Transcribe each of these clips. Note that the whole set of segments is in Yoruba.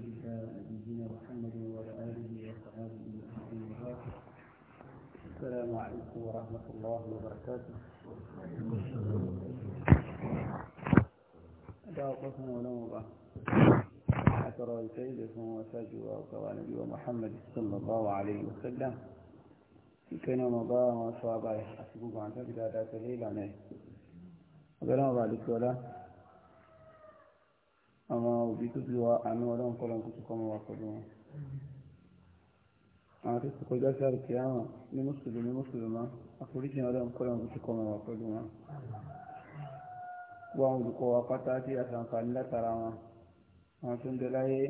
رسولك نبينا محمد وعلى آله وصحبه أجمعين السلام عليكم ورحمة الله وبركاته دعوا قسم ولا مبا أترى الكيد اسمه وساجوا وقوانبي صلى الله عليه وسلم كان مضى وصابه أسبوع عن ذلك ذات ليلة عليه وقال الله عليه àwọn òbí tó ti wá àánú ọlọ́run kọ́ lọ́n kó tó kọ́mọ wa pẹ̀lú wọn. àwọn tó ti kọjá sí àrùkè àwọn ní mùsùlùmí mùsùlùmá àforíjì ọlọ́run kọ́ lọ́n kó tó kọ́mọ wa pẹ̀lú wọn. gbọ́ àwọn olùkọ́ wa pátá tí a sàǹfààní látara wọn àwọn tó ń bẹ láyé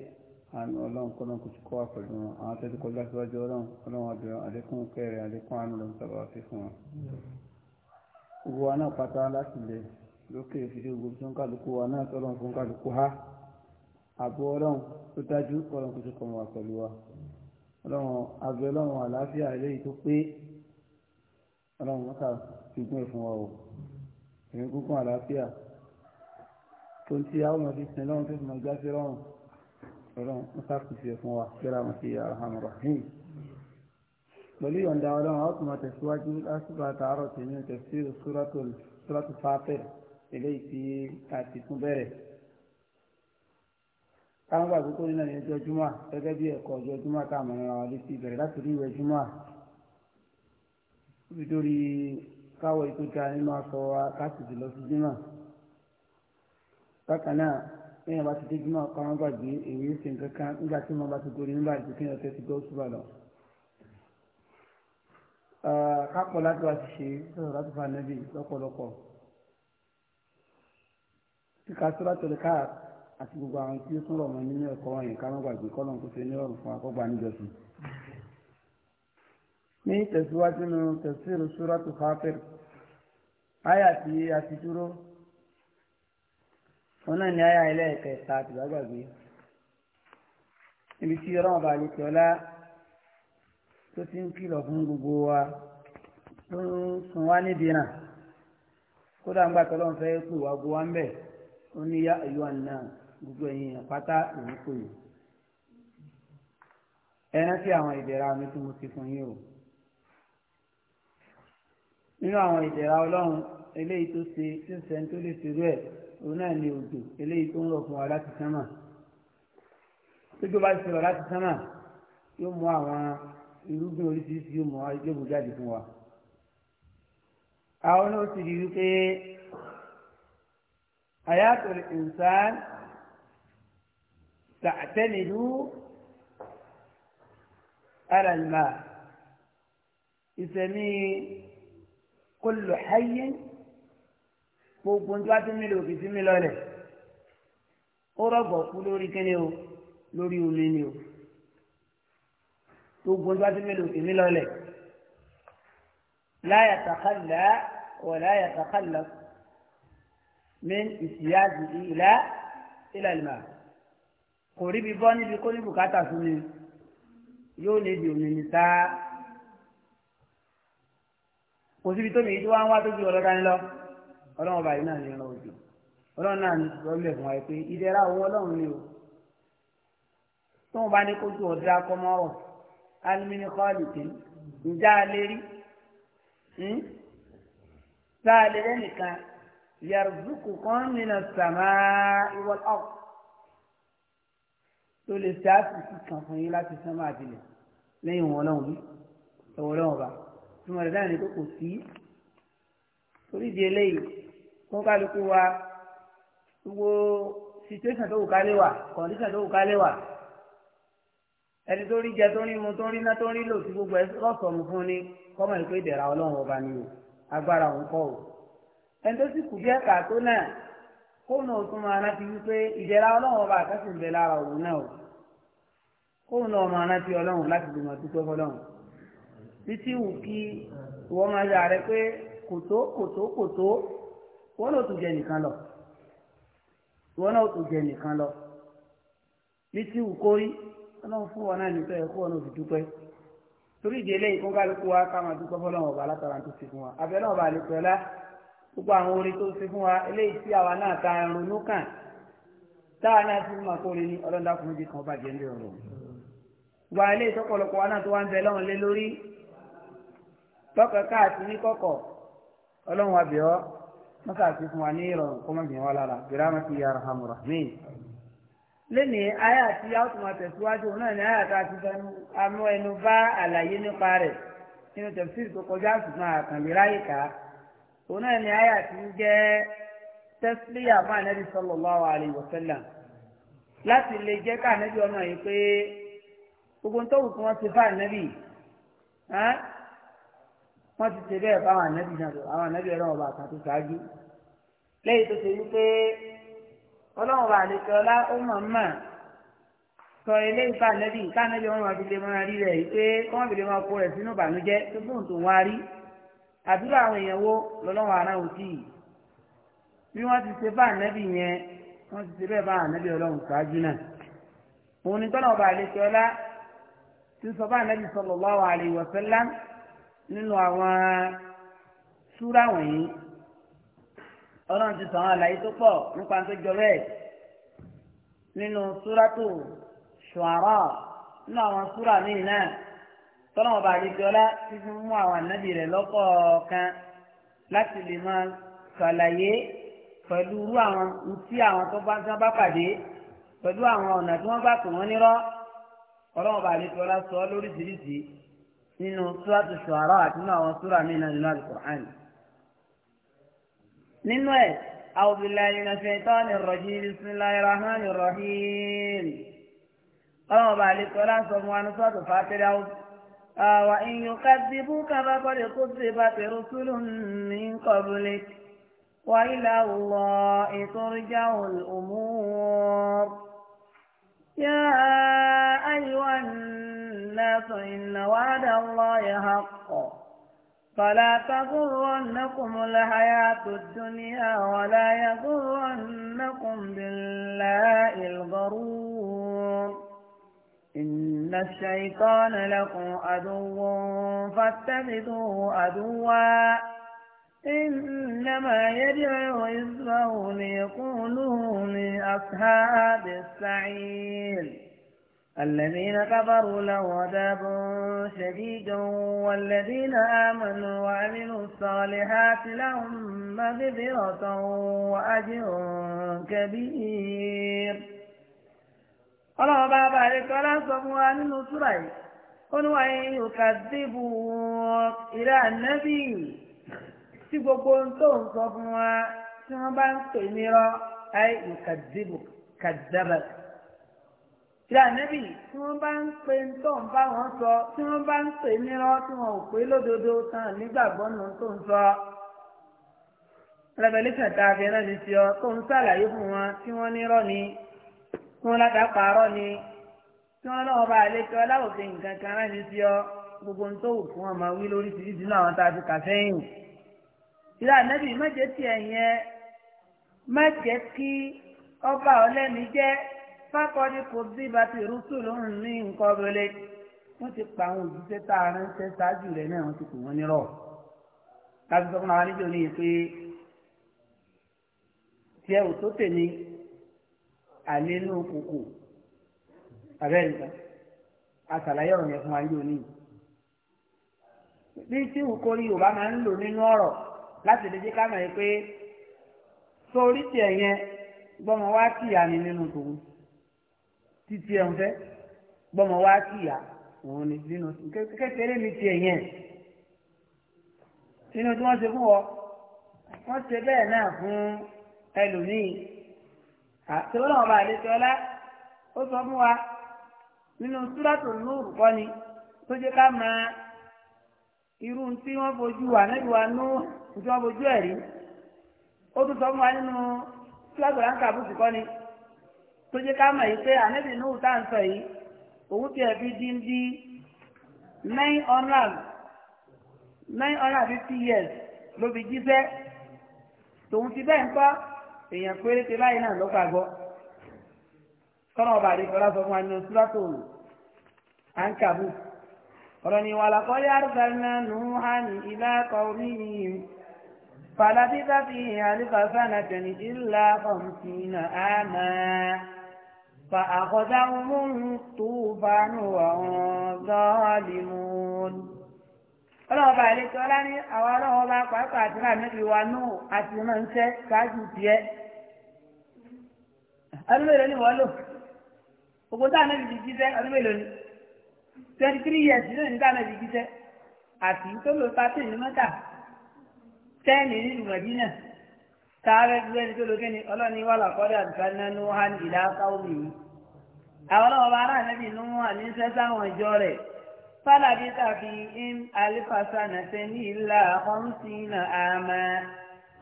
àánú ọlọ́run kọ́ lọ́n tó kọ́ wa pẹ̀lú wọn àwọn tó ti kọjá síwájú ọlọ́run ọlọ́run àbẹ̀ àlékún kẹrẹ àlékún àánú lọ́n sábà fi fún wọn. gbogbo wa náà pátá láti àbò ọlọ́run tó dájú ọlọ́run kò tó kọ́ wa pẹ̀lú wa ọlọ́run àbẹ̀ ọlọ́run àlàáfíà eléyìí tó pé ọlọ́run mọ́ta fi gún ẹ̀fún wa o èmi gúngún àlàáfíà tó ń ti àwọn ọmọdé sin lọ́run tó fi mọ gbá sí ọlọ́run mọ́ta kò fi ẹ̀fún wa kí ra mọ̀ sí àhàmù rahim pẹ̀lú ìyọ̀ǹda ọlọ́run àwọn máa tẹ̀síwájú lásìkò àtàárọ̀ tèmi tẹ̀síwájú sóràtò fàtẹ̀ eléyìí tí a ti tún bẹ̀rẹ̀ káwọn gbà pé kórìí náà ní ọjọ́ júmọ́ gẹ́gẹ́ bí ẹ̀kọ́ ọjọ́ júmọ́ táwọn ọmọ wa létí ìbẹ̀rẹ̀ láti rí ìwẹ̀ júmọ́ nítorí káwọ ètò ta nínú aṣọ wa káṣíìsì lọ sí júmọ́ bákan náà lẹ́yìn bá ti dé júmọ́ káwọn gbàgbé èyí ṣe nǹkan kan nígbà tí wọ́n bá ti gorí nígbà tí kí ọ̀sẹ̀ ti gbọ́ ṣùgbọ́n lọ. kápọ̀ láti wá ti ṣe sọ̀rọ̀ láti fa nẹ́bì lọ́pọ̀lọpọ̀ kíkà sọ́dọ̀ àti gbogbo àwọn tí ó tún rọ̀ mọ́ nínú ẹ̀kọ́ wọn yìí ká má gbàgbé kọ́lọ̀ kó ṣe ní ọ̀rùn fún akọ́gbà níjọsìn. ní tẹ̀síwájú nu tẹ̀síwájú suratu Fatir àyà tí a ti dúró wọn náà ní àyà ẹlẹ́ẹ̀kẹta àtìgbàgbàgbé níbi tí ọlọ́run bá lè tẹ̀ ọ́lá tó ti ń kìlọ̀ fún gbogbo wa tó ń sun wá níbi náà kódà ń gbà tọ́lọ́run fẹ́ pè wá gbowá ń bẹ̀ ó ní yá ẹ̀yọ́ àná gbogbo ẹ̀yin àpáta lòún kò yìí ẹ rántí àwọn ìdẹ̀ra mi tí mo ti fún yín o nínú àwọn ìdẹ̀ra ọlọ́run eléyìí tó ṣe tí ó sẹ́ni tó lè ṣerú ẹ̀ òun náà ni òjò eléyìí tó ń rọ̀ fún wa láti sánmà tójú bá ti rọ̀ láti sánmà yóò mú àwọn irúgbìn oríṣiríṣi yóò mú yóò mú jáde fún wa àwọn náà sì rí i wípé àyàtọ̀ ìsán تعتمد على الماء يسميه كل حي gbogbo ń tó bá ti mílò òkè sí mi lọlẹ ó rọgbọ kú lórí kíni o lórí omi ni o gbogbo ń tó bá ti mílò òkè mi lọlẹ láyà tàkàlà wà láyà tàkàlà min ìsìyáàdì ìlà ìlàlùmá kò rí bí bọ́ níbi kó ní bùkátà fún mi yóò ní ibi òmìnir ta kò síbi tó mi yìí tó wá ń wá tó ju ọlọ́dá ni lọ ọlọ́run ọba yìí náà ní ìran òjò ọlọ́run náà ní lọ́lẹ̀ fún wa pé ìdẹ́ra òun ọlọ́run ni o tóun bá ní kó ju ọ̀dà kọ́mọ́rọ̀ alimini kọ́ọ̀lì tì ǹjẹ́ a rí tá hmm? lè rẹ́ yàrá zùkú kan nínú sàmá ìwọ̀n ọ̀pọ̀ tó lè ṣe àtìsí kan fún yín láti sánmà àtìlẹ̀ lẹ́yìn wọn lọ́hùn yìí ẹ̀wọ̀n lọ́hùn bá túmọ̀ rẹ̀ dáhùn ní pé kò sí torí di eléyìí fún kálukú wa gbogbo situation tó wù ká lé wà condition tó wù ká lé wà ẹni tó rí jẹ tó rí mu tó rí ná tó rí lò sí gbogbo ẹ lọ́sọ̀ọ̀mù fún ni kọ́mọ̀ ìpè ìdẹ̀ra ọlọ́run ọba ni o agbára òun kọ́ o ẹni tó sì kù díẹ̀ kàtó náà kóun náà tún máa rántí wípé ìdẹ̀ra ọlọ́run ọba àkásì bẹ lára òun náà o kóun náà rántí ọlọ́run láti gbìmọ̀ dúpẹ́ fọlọ́run títí wù kí ìwọ máa yà rẹ pé kòtó kòtó kòtó wọn tún jẹ nìkan lọ wọn tún jẹ nìkan lọ títí wù kórí ọlọ́run fún wọn náà nípa ẹ̀kọ́ ọ̀nà òfin dúpẹ́ torí ìdílé wa ká máa dúpẹ́ fọlọ́run ọba látara gbogbo àwọn orin tó ṣe fún wa eléyìí tí àwa náà ta ronú kàn táwa náà ti máa kórè ní ọlọ́dà kùnú di kan bàjẹ́ ní ọ̀rọ̀ gba eléyìí tọ̀pọ̀lọpọ̀ wa náà tó wá ń bẹ lọ́run lé lórí tọkọ káàtì ní kọ̀kọ̀ ọlọ́run wa bẹ̀ ọ́ mọ́tà ti fún wa ní ìrọ̀rùn kọ́mọ́gbìn wa lára bìrámà ti yára hàmù rahmin lẹ́nìí ayé àti àwòtúmọ̀ tẹ̀síwájú náà ni ayé àti òun náà ni àyà ti ń jẹ́ tẹ́sílíyà fún ànábì sallallahu alaihi wasallam láti lè jẹ́ ká ànábì ọmọ yìí pé gbogbo tó wù kí wọ́n ti fún ànábì wọ́n ti ṣe bẹ́ẹ̀ fáwọn ànábì náà lọ àwọn ànábì ọlọ́run ọba àtàtù ṣáájú lẹ́yìn tó ṣe wípé ọlọ́run ọba àlejò ọlá ó mọ̀ mọ̀ sọ ilé ìfà ànábì ká ànábì wọn máa fi lè máa rí rẹ̀ yìí pé máa kó rẹ̀ sínú ìbànújẹ́ tó bóun tó wá rí àdúrà àwọn èèyàn wo lọ́lọ́wọ́ ara ò tí ì bí wọ́n ti ṣe bá ànábì yẹn wọ́n ti ṣe bẹ́ẹ̀ bá ànábì ọlọ́run ṣáájú náà òun ni tọ́lọ̀ ọba àlejò ọlá ti sọ bá ànábì sallallahu alaihi wasallam nínú àwọn súrà wọ̀nyí ọlọ́run ti sọ àwọn àlàyé tó pọ̀ nípa tó jọ bẹ́ẹ̀ nínú súrà tó Shu'ara nínú àwọn súrà míì náà tọ́lọ́mọ bá àdéjọ́ ọlá ti fi mú àwọn ànábì rẹ̀ lọ́kọ̀ọ̀kan láti lè máa ṣàlàyé pẹ̀lú irú àwọn ntí àwọn tó bá tán bá pàdé pẹ̀lú àwọn ọ̀nà tí wọ́n bá pè wọ́n nírọ́ tọ́lọ́mọ bá àdéjọ́ ọlá sọ lóríṣiríṣi nínú súrátù ṣùárà àti nínú àwọn súrà míì náà nínú àlùkùránì. nínú ẹ̀ أعوذ بالله من الشيطان الرجيم بسم الله الرحمن الرحيم قال بعد الصلاة والسلام على صلاة فاتر وإن يكذبوك فقد كذبت رسل من قبلك وإلى الله ترجع الأمور يا أيها الناس إن وعد الله حق فلا تغرنكم الحياة الدنيا ولا يغرنكم بالله الغرور إن الشيطان لكم عدو فاتخذوه عدوا إنما يدعو إذنه ليقولوا من أصحاب السعير الذين كفروا له عذاب شديد والذين آمنوا وعملوا الصالحات لهم مغفرة وأجر كبير ọlọ́run bá bá rẹ̀ kọ́ lásọ fún wa nínú súrà yìí ó ní wàá yín òkà dìbò ìrẹ́ ànábì tí gbogbo ń tó ń sọ fún wa tí wọ́n bá ń pè ní rọ́ ayé òkà dìbò kàdábà ìrẹ́ ànábì tí wọ́n bá ń pè ń tó ń bá wọn sọ tí wọ́n bá ń pè ní rọ́ tí wọn ò pé lódodo tán nígbàgbọ́ nù tó ń sọ rẹ̀bẹ̀lẹ́sẹ̀ tá a fi rẹ́ mi sí ọ tó ń sàlàyé fún wọn tí wọ́n ní rọ́ ni tí wọ́n ládàá pààrọ̀ ni tí wọ́n lọ́wọ́ bá àlejò aláwòsàn nǹkan kan rán ní sí ọ gbogbo ń tó wù fún ọmọ wí lóríṣiríṣi náà àwọn tá a ti kà sẹ́yìn. ìlà nẹ́bí má jẹ́ tiẹ̀ yẹn má jẹ́ kí ọba ọlẹ́ni jẹ́ fákọ́ni kò bí bàtí rúṣù ló ń ní nǹkan rẹlẹ̀ wọ́n ti pa àwọn òjíṣẹ́ tá a ránṣẹ́ ṣáájú rẹ̀ náà wọ́n ti pè wọ́n nírọ̀ láti sọ fún àwọn àlejò ní pé tiẹ̀ ò tèmi àlénú kòkò abẹ́ nìkan àtàlàyé ọ̀rọ̀ yẹn fún wa yóò ní. bí tí ìwúkórí yorùbá máa ń lò nínú ọ̀rọ̀ láti lè jẹ́ ká mọ̀ pé sórí tiẹ̀ yẹn gbọ́mọ wá tìyà ni nínú tòun títí ẹ̀ ń fẹ́ gbọ́mọ wá tìyà òun ni nínú kékeré tiẹ̀ yẹn nínú tí wọ́n àti ọlọ́run bá àlejò ọlá ó sọ fún wa nínú súrátù núùrù kọ́ ni tó jẹ́ ká máa irú tí wọ́n fojú wà níbi wa nú tí wọ́n fojú ẹ̀ rí ó tún sọ fún wa nínú súrátù ránkà bùkù kọ́ ni tó jẹ́ ká mọ̀ yìí pé ànábì núùrù tá à ń sọ yìí òun ti ẹ̀bí dín dín nine hundred nine hundred fifty years ló fi jíṣẹ́ tòun ti bẹ́ẹ̀ ń kọ́. èèyàn péréte báyìí náà ló gbàgbọ́ tọ́nà ọba àdìgbò lásán fún wa nínú súrátò àǹkàbù ọ̀rọ̀ ni wà lákọ́lé àrùsàlẹ̀ nùhàn ìlà kọ́ọ̀mìnìm fàlàbíta fi àlùfàṣà náà tẹ̀lé ìlà kọ̀mtìnà àmà fa àkọ́jà múlù tó bánú àwọn zọ́ọ̀lìmùn. ọlọ́wọ́ bá àlejò ọlá ní àwọn bá pàápàá àti níbi wa nù àti máa ń ṣẹ́ ṣáájú ọdún mélòó ni wọ́n lò gbogbo táwọn ẹbí ti jíṣẹ́ ọdún mélòó ni twenty three years lónìí táwọn ẹbí jíṣẹ́ àti tó lò thirteen ní mọ́tà ten ní ìlú mọ̀dínà táwọn ẹbí tó lò kí ni ọlọ́ni wà lọ́kọ́dọ̀ àdùkà nánú hàn ìlà káwọn mi yìí àwọn ọlọ́wọ́ bá rà nẹ́bí inú àní sẹ́sáwọn ìjọ rẹ̀ fàlàbí tàbí im alifasa nàṣẹ ní ìlà ọ̀hún sí náà àmà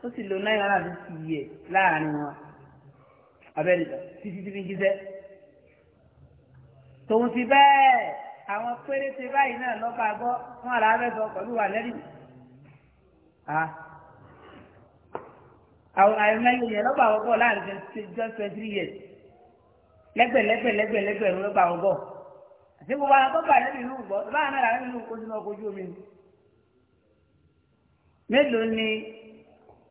ó sì lò náírà fi yẹ láàrin wọn abẹ́rẹ́ títí tí fi ń jíṣẹ́. tòun ti bẹ́ẹ̀ àwọn péréte báyìí náà lọ́ba gbọ́ fún àlàáfẹ́sọ pẹ̀lú wà lẹ́rìn. àwọn àìmọye yẹn lọ́ba àwọn bọ̀ láàrin just twenty three years lẹ́gbẹ̀lẹ́gbẹ̀lẹ́gbẹ̀rún lọ́ba àwọn bọ̀ àti gbogbo àwọn tó bà lẹ́bi inú gbọ́ báwọn náà làwọn inú kó sínú ọkọ̀ ojú omi. mélòó ni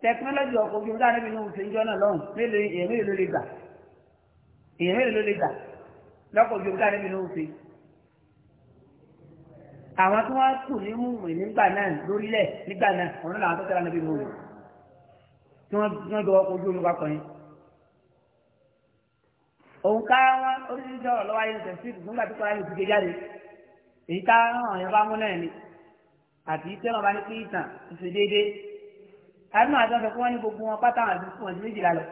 tẹkinọlọgì ọkọ̀ ojú dáa níbi níwùsẹ̀ ìjọ náà lọ́hùn mélòó èèyàn mélòó lè gbà èèyàn mélòó lè gbà lọ́kọ̀ ojú dáa níbi níwùsẹ̀ àwọn tí wọ́n kù ní múmi nígbà náà lórílẹ̀ nígbà náà ọ̀run làwọn tó tẹ́ra níbi múmi tí wọ́n jọ ọkọ̀ ojú omi papọ̀ yẹn òun ká wọn oríṣiríṣi ọ̀rọ̀ lọ́wọ́ ayélujára sí ìdùnnú nígbà tí kọ́lá yóò jáde èyí ká àwọn èèyàn bá mú náà ni àti tẹ́lọ̀ bá ní pé ìtàn ti àánú àtọ́sọ pé wọ́n ní gbogbo wọn pátá wọn sí méjìlá lọ.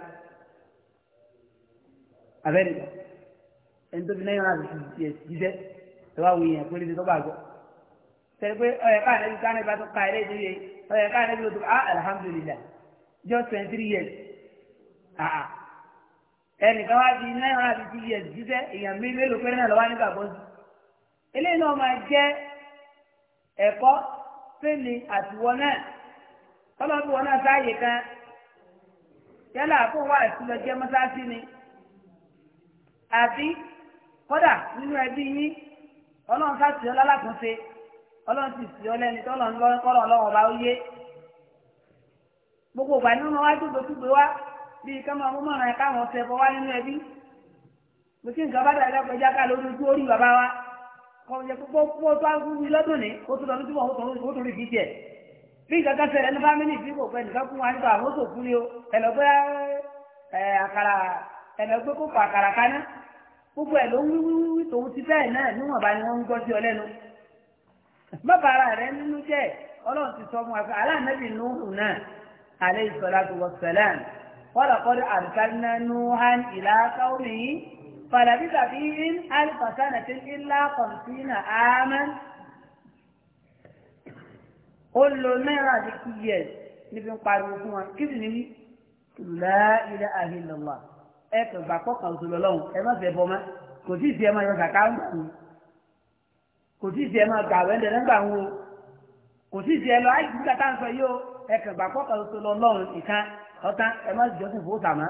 abẹ́rẹ́ lọ ẹni tó fi náírà náà fi tiẹ̀ jíṣẹ́ ẹ wá wòye yẹn pé ní ti tọ́ bá gbọ́. sẹ́ni pé ọ̀yẹ̀ ká àrẹ́bí ká àrẹ́bí tó ka ẹ̀rẹ́ ìdílé ọ̀yẹ̀ ká àrẹ́bí tó ah alhamdulillah just twenty three years ah ẹnìkan wá fi náírà náà fi ti yẹ jíṣẹ́ èèyàn mélòó péré náà lọ́wọ́ nígbà gbọ́n eléyìí náà máa jẹ́ ẹ̀kọ́ fẹ́mi àtiwọ́ náà kọ́lọ́ bí wọn náà sáàyè kan yálà fún wa ìtúlọ̀jẹ́ mọ́sáàsì ni àbí kódà nínú ẹbí yín ọlọ́run ká sí ọ lálàkúnṣe ọlọ́run sì sí ọ lẹ́ni tọ́lọ̀ ńlọ́rọ̀ ọlọ́run ọba ó gbogbo ìgbà nínú wájú gbogbo wá bíi ká máa mú mọ̀ràn ẹ̀ káwọn ọ̀sẹ̀ bọ̀ wá nínú ẹbí mo ti nǹkan bá dàgbà lẹ́kọ̀ọ́ ẹja ká lórí ojú orí bàbá wa kọ́ ọ̀yẹ́ púpọ̀ púpọ̀ tó á wí lọ́dún ní o tún lọ ní túbọ̀ o tún rí fi tiẹ̀ bí ìgbà kan sẹ̀rẹ̀ ní fámìlì tí kò fẹ́ nìkan fún wa nípa àwọn sòkú ni o ẹ̀lọ́gbẹ́ àkàrà ẹ̀lọ́gbẹ́ kókò àkàrà kaná gbogbo ẹ̀ ló ń wíwíwí tòun ti bẹ́ẹ̀ náà níwọ̀nba ni wọ́n ń gbọ́ sí ọ lẹ́nu. mọ́bàárà rẹ nínú jẹ́ ọlọ́run ti sọ fún wa pé aláàmẹ́bí nùhùn náà alẹ́ ìsọ̀lá tó wọ sẹ́lẹ̀m kọ́lọ̀kọ́lọ̀ àlùkárínà nùhàn ó lo náírà ní two years níbi ń pariwo fún wa kí sì ní wí la ilaha illallah ẹ kàn gbà pọ̀ kàn sọ lọ́wọ́ ẹ má fẹ́ bọ́ mọ́ kò tí ì fi ẹ máa yọ kàkà ń gbà wọn kò tí ì fi ẹ máa gbà wẹ́ndẹ̀ lẹ́gbà wọn o kò tí ì fi ẹ lọ àìsí nígbà tá à ń sọ yìí o ẹ kàn gbà pọ̀ kàn sọ lọ́wọ́ nìkan ọ̀tá ẹ má jọ́sìn fún tàmá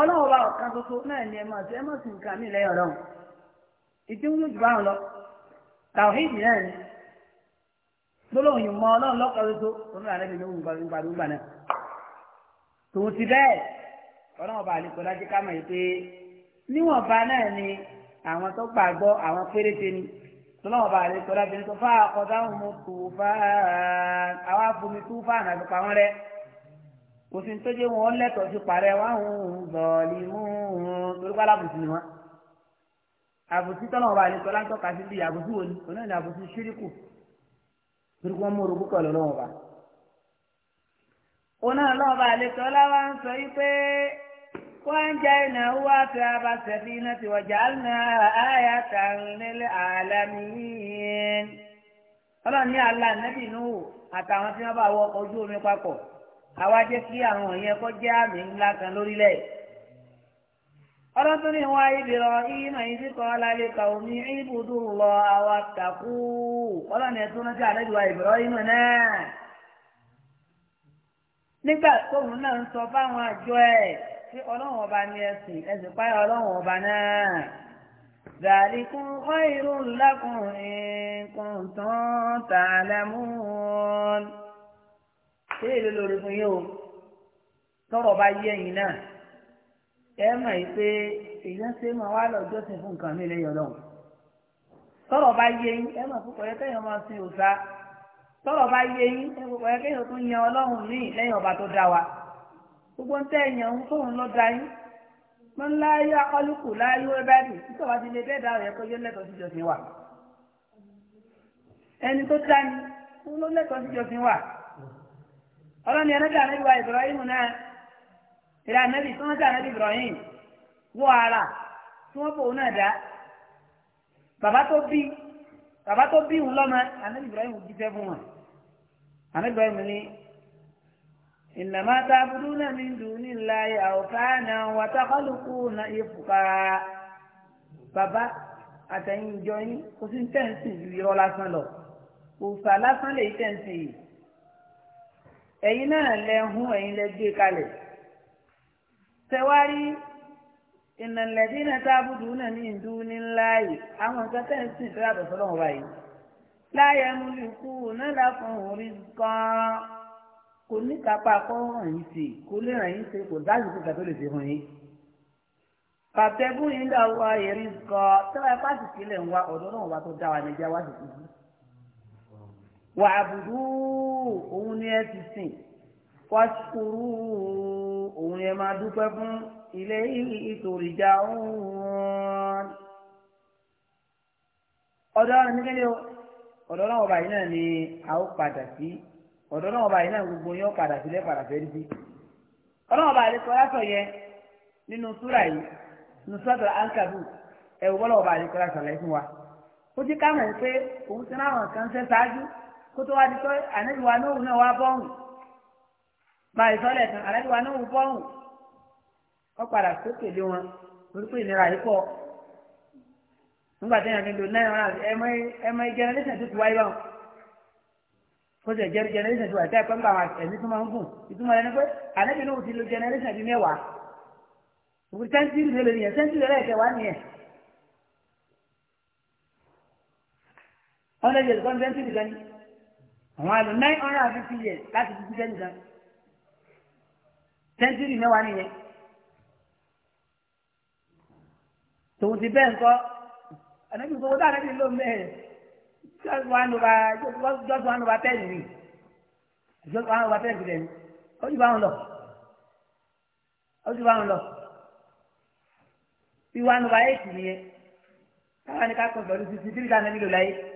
ọlọ́run bá ọ̀kan ṣoṣo náà ni ẹ máa ṣe ẹ máa sì nǹkan mí lẹ́yìn ọlọ́run ìdí wúlò jù báwọn lọ tàwíìdì náà ni gbólóhùn yìí mọ ọlọ́run lọ́kàn ṣoṣo òun àrẹ mi ló ń gbàdúrà gbàdúrà náà tòun ti bẹ́ẹ̀ ọlọ́run bá àlè kọ́lá jẹ́ ká mọ̀ yìí pé níwọ̀nba náà ni àwọn tó gbàgbọ́ àwọn péréte ni tọ́lọ́wọ́n bá àlè kọ́lá jẹ́ nítorí fáà kọ́ kò sí tó jẹ́ wọn lẹ́tọ̀ọ́ sí parẹ́ wọn àwọn bọ̀ọ̀lì mú un torípa alábùsí ni wọn. àbùsí tọ́nà ọba àlejò aláǹtọ́ka sí bíi àbùsí wo ni onáà ní àbùsí ṣíríkù torí wọn mú orogún pẹ̀lú ọlọ́wọ́n ọba. onáà lọ́wọ́ àlejò ọláwá ń sọ yìí pé wọ́n ń jẹ́ iná wá fẹ́ abàṣẹ́ bí iná ti wọ̀jà àyà tàǹlélẹ̀ àlámì yìí. ọlọ́run ní àlá àtàwọn tí wọ́n bá wọ ojú omi papọ̀ àwa jẹ́ kí àwọn yẹn kọ́ jẹ́ àmì ńlá kan lórílẹ̀. ọlọ́tún ní wọn ibìrọ̀ ìmọ̀ ìdí kan lálẹ́ ka omi ibùdó lọ àwa tàkú ọlọ́ni ẹ̀tún rántí àlejò wa ìbìrọ̀ ìmọ̀ náà. nígbà tóun náà ń sọ fáwọn àjọ ẹ̀ pé ọlọ́run ọba ni ẹ̀sìn ẹ̀sìn páyà ọlọ́run ọba náà. ذلكم خير لكم إن كنتم تعلمون ṣé èlò lórí fún yín o tọrọ bá yé ẹ̀yin náà ẹ mọ̀ yìí pé èèyàn ṣe máa wá lọ jọ́sìn fún nǹkan mi lẹ́yìn ọlọ́run tọrọ bá yé yín ẹ mọ̀ púpọ̀ yẹ kẹ́yìn ọmọ sin òòṣà tọrọ bá yé yín ẹ púpọ̀ yẹ kẹ́yìn tún yan ọlọ́run míì lẹ́yìn ọba tó dá wa gbogbo ń tẹ́ ẹ̀yàn ń fóun ló da yín mọ ńlá akọ́lùkù láyé wẹ́ báyìí títọ́ wa ti lè bẹ́ẹ̀ dá ọ̀yẹ́ kọ́jọ́ lẹ́tọ̀ọ́ sí wa ẹni tó dá ló lẹ́tọ̀ọ́ sí wa ọlọ́ni ẹlẹ́dàá níbi wa Ibrahim náà ìlà nẹ́bí tí wọ́n dà nẹ́bí Ibrahim wọ ara tí wọ́n fòun náà dá bàbá tó bí bàbá tó bí òun lọ́mọ ànẹ́bí Ibrahim jíṣẹ́ fún wọn ànẹ́bí Ibrahim ní ìnàmá tábùdú náà mi dùn nílá àwòká náà wà tákàlùkù náà ìfùkà bàbá àtẹ̀yìn ìjọ yín kò sí tẹ̀sí ju lásán lọ òòsà lásán lè tẹ̀sí yìí ẹ̀yin náà lẹ hún ẹ̀yin lẹ gbé kalẹ̀ tẹwárí ìnànlẹ́dí náà tábùdù náà ní ìdú ní láàyè àwọn nǹkan tẹ́ ń sìn tó yàtọ̀ sọ́dọ̀ wọn báyìí láàyè múlù kú náà láfún orí gan-an kò ní kápá kó ràn yín sí kò lè ràn yín sí kò dájú kó kàtó lè fi hàn yín. pàtẹ́bù yìí ń dà wọ ayẹ̀rí gan tẹ́wọ́ ipá sì sílẹ̀ ń wa ọ̀dọ́ náà wà tó dá wa níjà wá sí kú. wà bùdú kù òun ni ẹ ti sìn fásikúrú òun ni ẹ máa dúpẹ́ fún ilé ìtòrìjà òun ọ̀dọ̀ àwọn oníkẹ́lẹ́ náà ọba yìí náà ni a ó padà sí ọ̀dọ̀ náà náà gbogbo padà sílẹ̀ padà yàtọ̀ kótó wa ti tọ́ ànábì wa Nuhu náà wá bọ́ọ̀hùn gba ìsọ́lẹ̀ tán ànábì wa Nuhu bọ́ọ̀hùn wọ́n padà sókè lé wọn torí pé ìnira yìí pọ̀ nígbà tí ìyàgbẹ́ lò náírà wọn àti ẹmọ jẹnẹrẹsẹ̀ tó ti wáyé báwọn kó sì jẹ́ jẹnẹrẹsẹ̀ tó wáyé tẹ́ pẹ́ńpà àwọn ẹ̀mí tó máa ń gùn ìtumọ̀ ẹni pé ànábì Nuhu ti lo jẹnẹrẹsẹ̀ bíi mẹ́wàá òkú sẹ́ńtírì ló lè nìyẹn sẹ́ńtírì ẹlẹ́ẹ̀kẹ́ wá nìyẹn wọ́n lè jẹ́ ìkọ́ni sẹ́ńtírì gan-an àwọn àlò nine hundred and fifty years láti fi jíjẹ́ nìkan sẹ́ńtúrì mẹ́wàá nìyẹn tòun ti bẹ́ẹ̀ ńkọ́ ànábì gbogbo tá ànábì ló mẹ́ẹ̀ just one over just one over ten ni just one over ten ni ó ti bá wọn lọ ó ti bá wọn lọ bí one over eight nìyẹn káwọn ni ká kọ pẹ̀lú sixty three tá ànábì láyé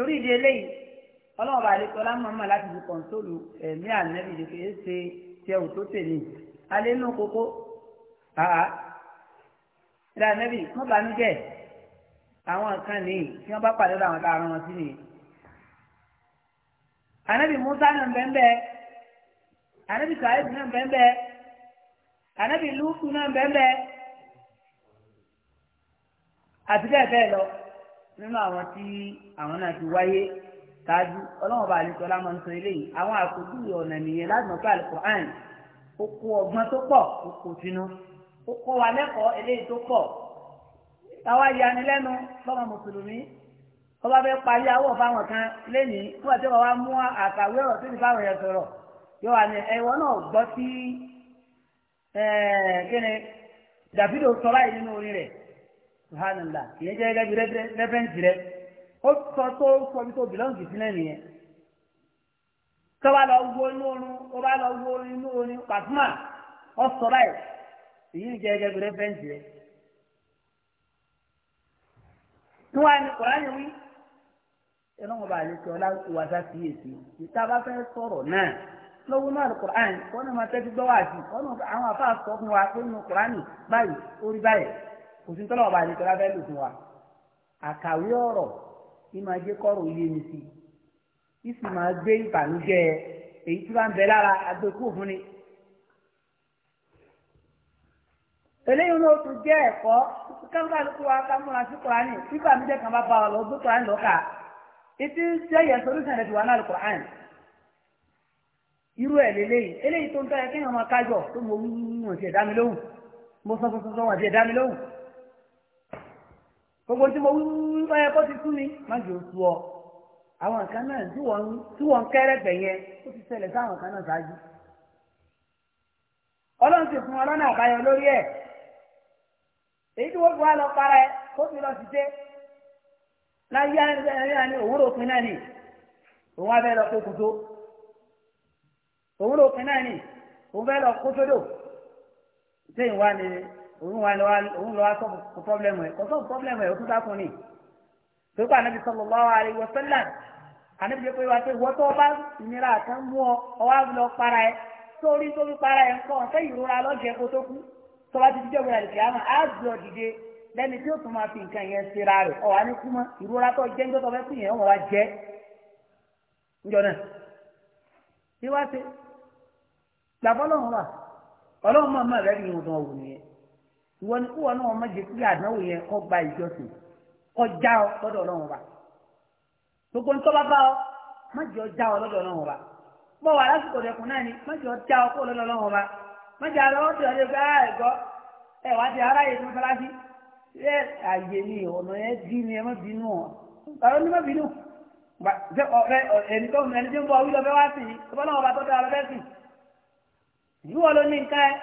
torí ìdí eléyìí ọlọ́run bá àlekọ́ lámọ́mọ́ láti fi kọ̀ǹtólù ẹ̀mí ànábì lè fèé ṣe tiẹ̀ ò tó tèmi alẹ́ inú kókó àá ìdá ànábì wọ́n bá mi jẹ́ àwọn nǹkan nìyí tí wọ́n bá pàdé àwọn tá a rán wọn sí nìyí. ànábì Musa náà ń bẹ́ẹ̀ bẹ́ẹ̀ ànábì Sàáyé náà ń bẹ́ẹ̀ bẹ́ẹ̀ ànábì Lúùkù náà ń bẹ́ẹ̀ bẹ́ẹ̀ àti bẹ́ẹ̀ bẹ́ẹ̀ lọ nínú àwọn tí àwọn náà ti wáyé ṣáájú ọlọ́wọ́n bá àlejò ọlámọ ń sọ eléyìí àwọn àkójú ọ̀nà nìyẹn láti mọ̀ pé Al-Qur'an ó kó ọgbọ́n tó pọ̀ ó kó sínú ó kọ́ wa lẹ́kọ̀ọ́ eléyìí tó pọ̀ táwa yanilẹ́nu lọ́mọ mùsùlùmí ọba fẹ́ parí awọ́ fáwọn kan lẹ́nìí fún àti ọba mú àkàwé ọ̀rọ̀ síbi fáwọn yẹn sọ̀rọ̀ yóò wà ní ẹ̀wọ̀n náà gbọ́ sí kíni Davido sọ báyìí nínú orin rẹ̀ subhanallah ìyẹn jẹ́ gẹ́gẹ́ bí rẹ́fẹ́ǹsì rẹ sọ tó sọ bí tó bìlọ́ǹgì sílẹ̀ nìyẹn tó bá lọ wo inú orin tó bá lọ wo inú orin pàtúmà ó sọ báyìí si jẹ́ gẹ́gẹ́ bí rẹ́fẹ́ǹsì rẹ. tí wàá ní kòránì wí ẹlọ́wọ́n bá lè sọ láwùjọ kíyèsí òsì tọ́lọ̀ ọba àlejò láfẹ́ lò fún wa àkàwé ọ̀rọ̀ ní máa jẹ́ kọ́rọ̀ ilé mi sí i sì máa gbé ìbànújẹ́ èyí tí wọ́n ń bẹ lára agbẹ́kú òfin ni. eléyìí ló tún jẹ́ ẹ̀kọ́ kákàlùkù wa ká múra sí kùránì bí ìbànújẹ́ kan bá bá wa lọ gbé kùránì lọ́kà etí jẹ́ yẹn ti wà náà kùránì irú ẹ̀ eléyìí tó ń tọ́ yẹ kéèyàn máa kájọ tó mọ wọn ti ẹ̀dá mi lóhùn gbogbo tí mo wí ẹ kó ti sú mi má jò sú ọ àwọn nǹkan náà tí wọ́n tí wọ́n yẹn ó ti ṣẹlẹ̀ sáwọn nǹkan náà ṣáájú ọlọ́run ti fún ọlọ́nà àbáyọ lórí ẹ̀ èyí tí wọ́n fi wá para ẹ kó fi lọ ṣiṣẹ́ láyé ayélujára ní òwúrò òpin náà nì òun abẹ́ lọ kókò tó òwúrò òpin náà nì òun fẹ́ lọ kó sódò ṣé ìwà ni òun wà lọ wá sọ́ọ̀bù pọ́blẹ́mù ẹ̀ kò sọ́ọ̀bù pọ́blẹ́mù ẹ̀ ó tún sáfún ni tó sallallahu alaihi wa sallam ànábi jẹ́ pé wá pé wọ́n tó bá ìnira kan mú ọ ọwọ́ àbí lọ para ẹ sórí tó fi para ẹ nǹkan ọ̀sẹ̀ ìrora lọ́jẹ̀ kó tó kú tó bá ti dídé òwúrọ̀ àdìsí àmọ́ á gbọ́ dìde lẹ́ni tí ó tún máa fi nǹkan yẹn ṣera rẹ̀ ọ̀ wá ní kú mọ́ ìrora tó jẹ́ ń ìwọ ni kúwọ náà má jẹ kí àdánwò yẹn kọ gba ìjọsìn kọjá ọ lọ́dọ̀ Ọlọ́run ọba gbogbo nǹkan bá ọ má jẹ ọjá ọ lọ́dọ̀ Ọlọ́run ọba bọ wà lásìkò dẹkùn náà ni má jẹ ọjá ọ kó lọ́dọ̀ Ọlọ́run ọba má jẹ àlọ ọdẹ ọdẹ gbẹ ara ẹgọ ẹ wá di ara yẹn mọsálásí ẹ àyè ni ọ̀nà yẹn dí ni ẹ má bínú ọ ọ̀rọ̀ ni má bínú ọ̀rẹ́ ẹni tó ń fẹ́ wá sí i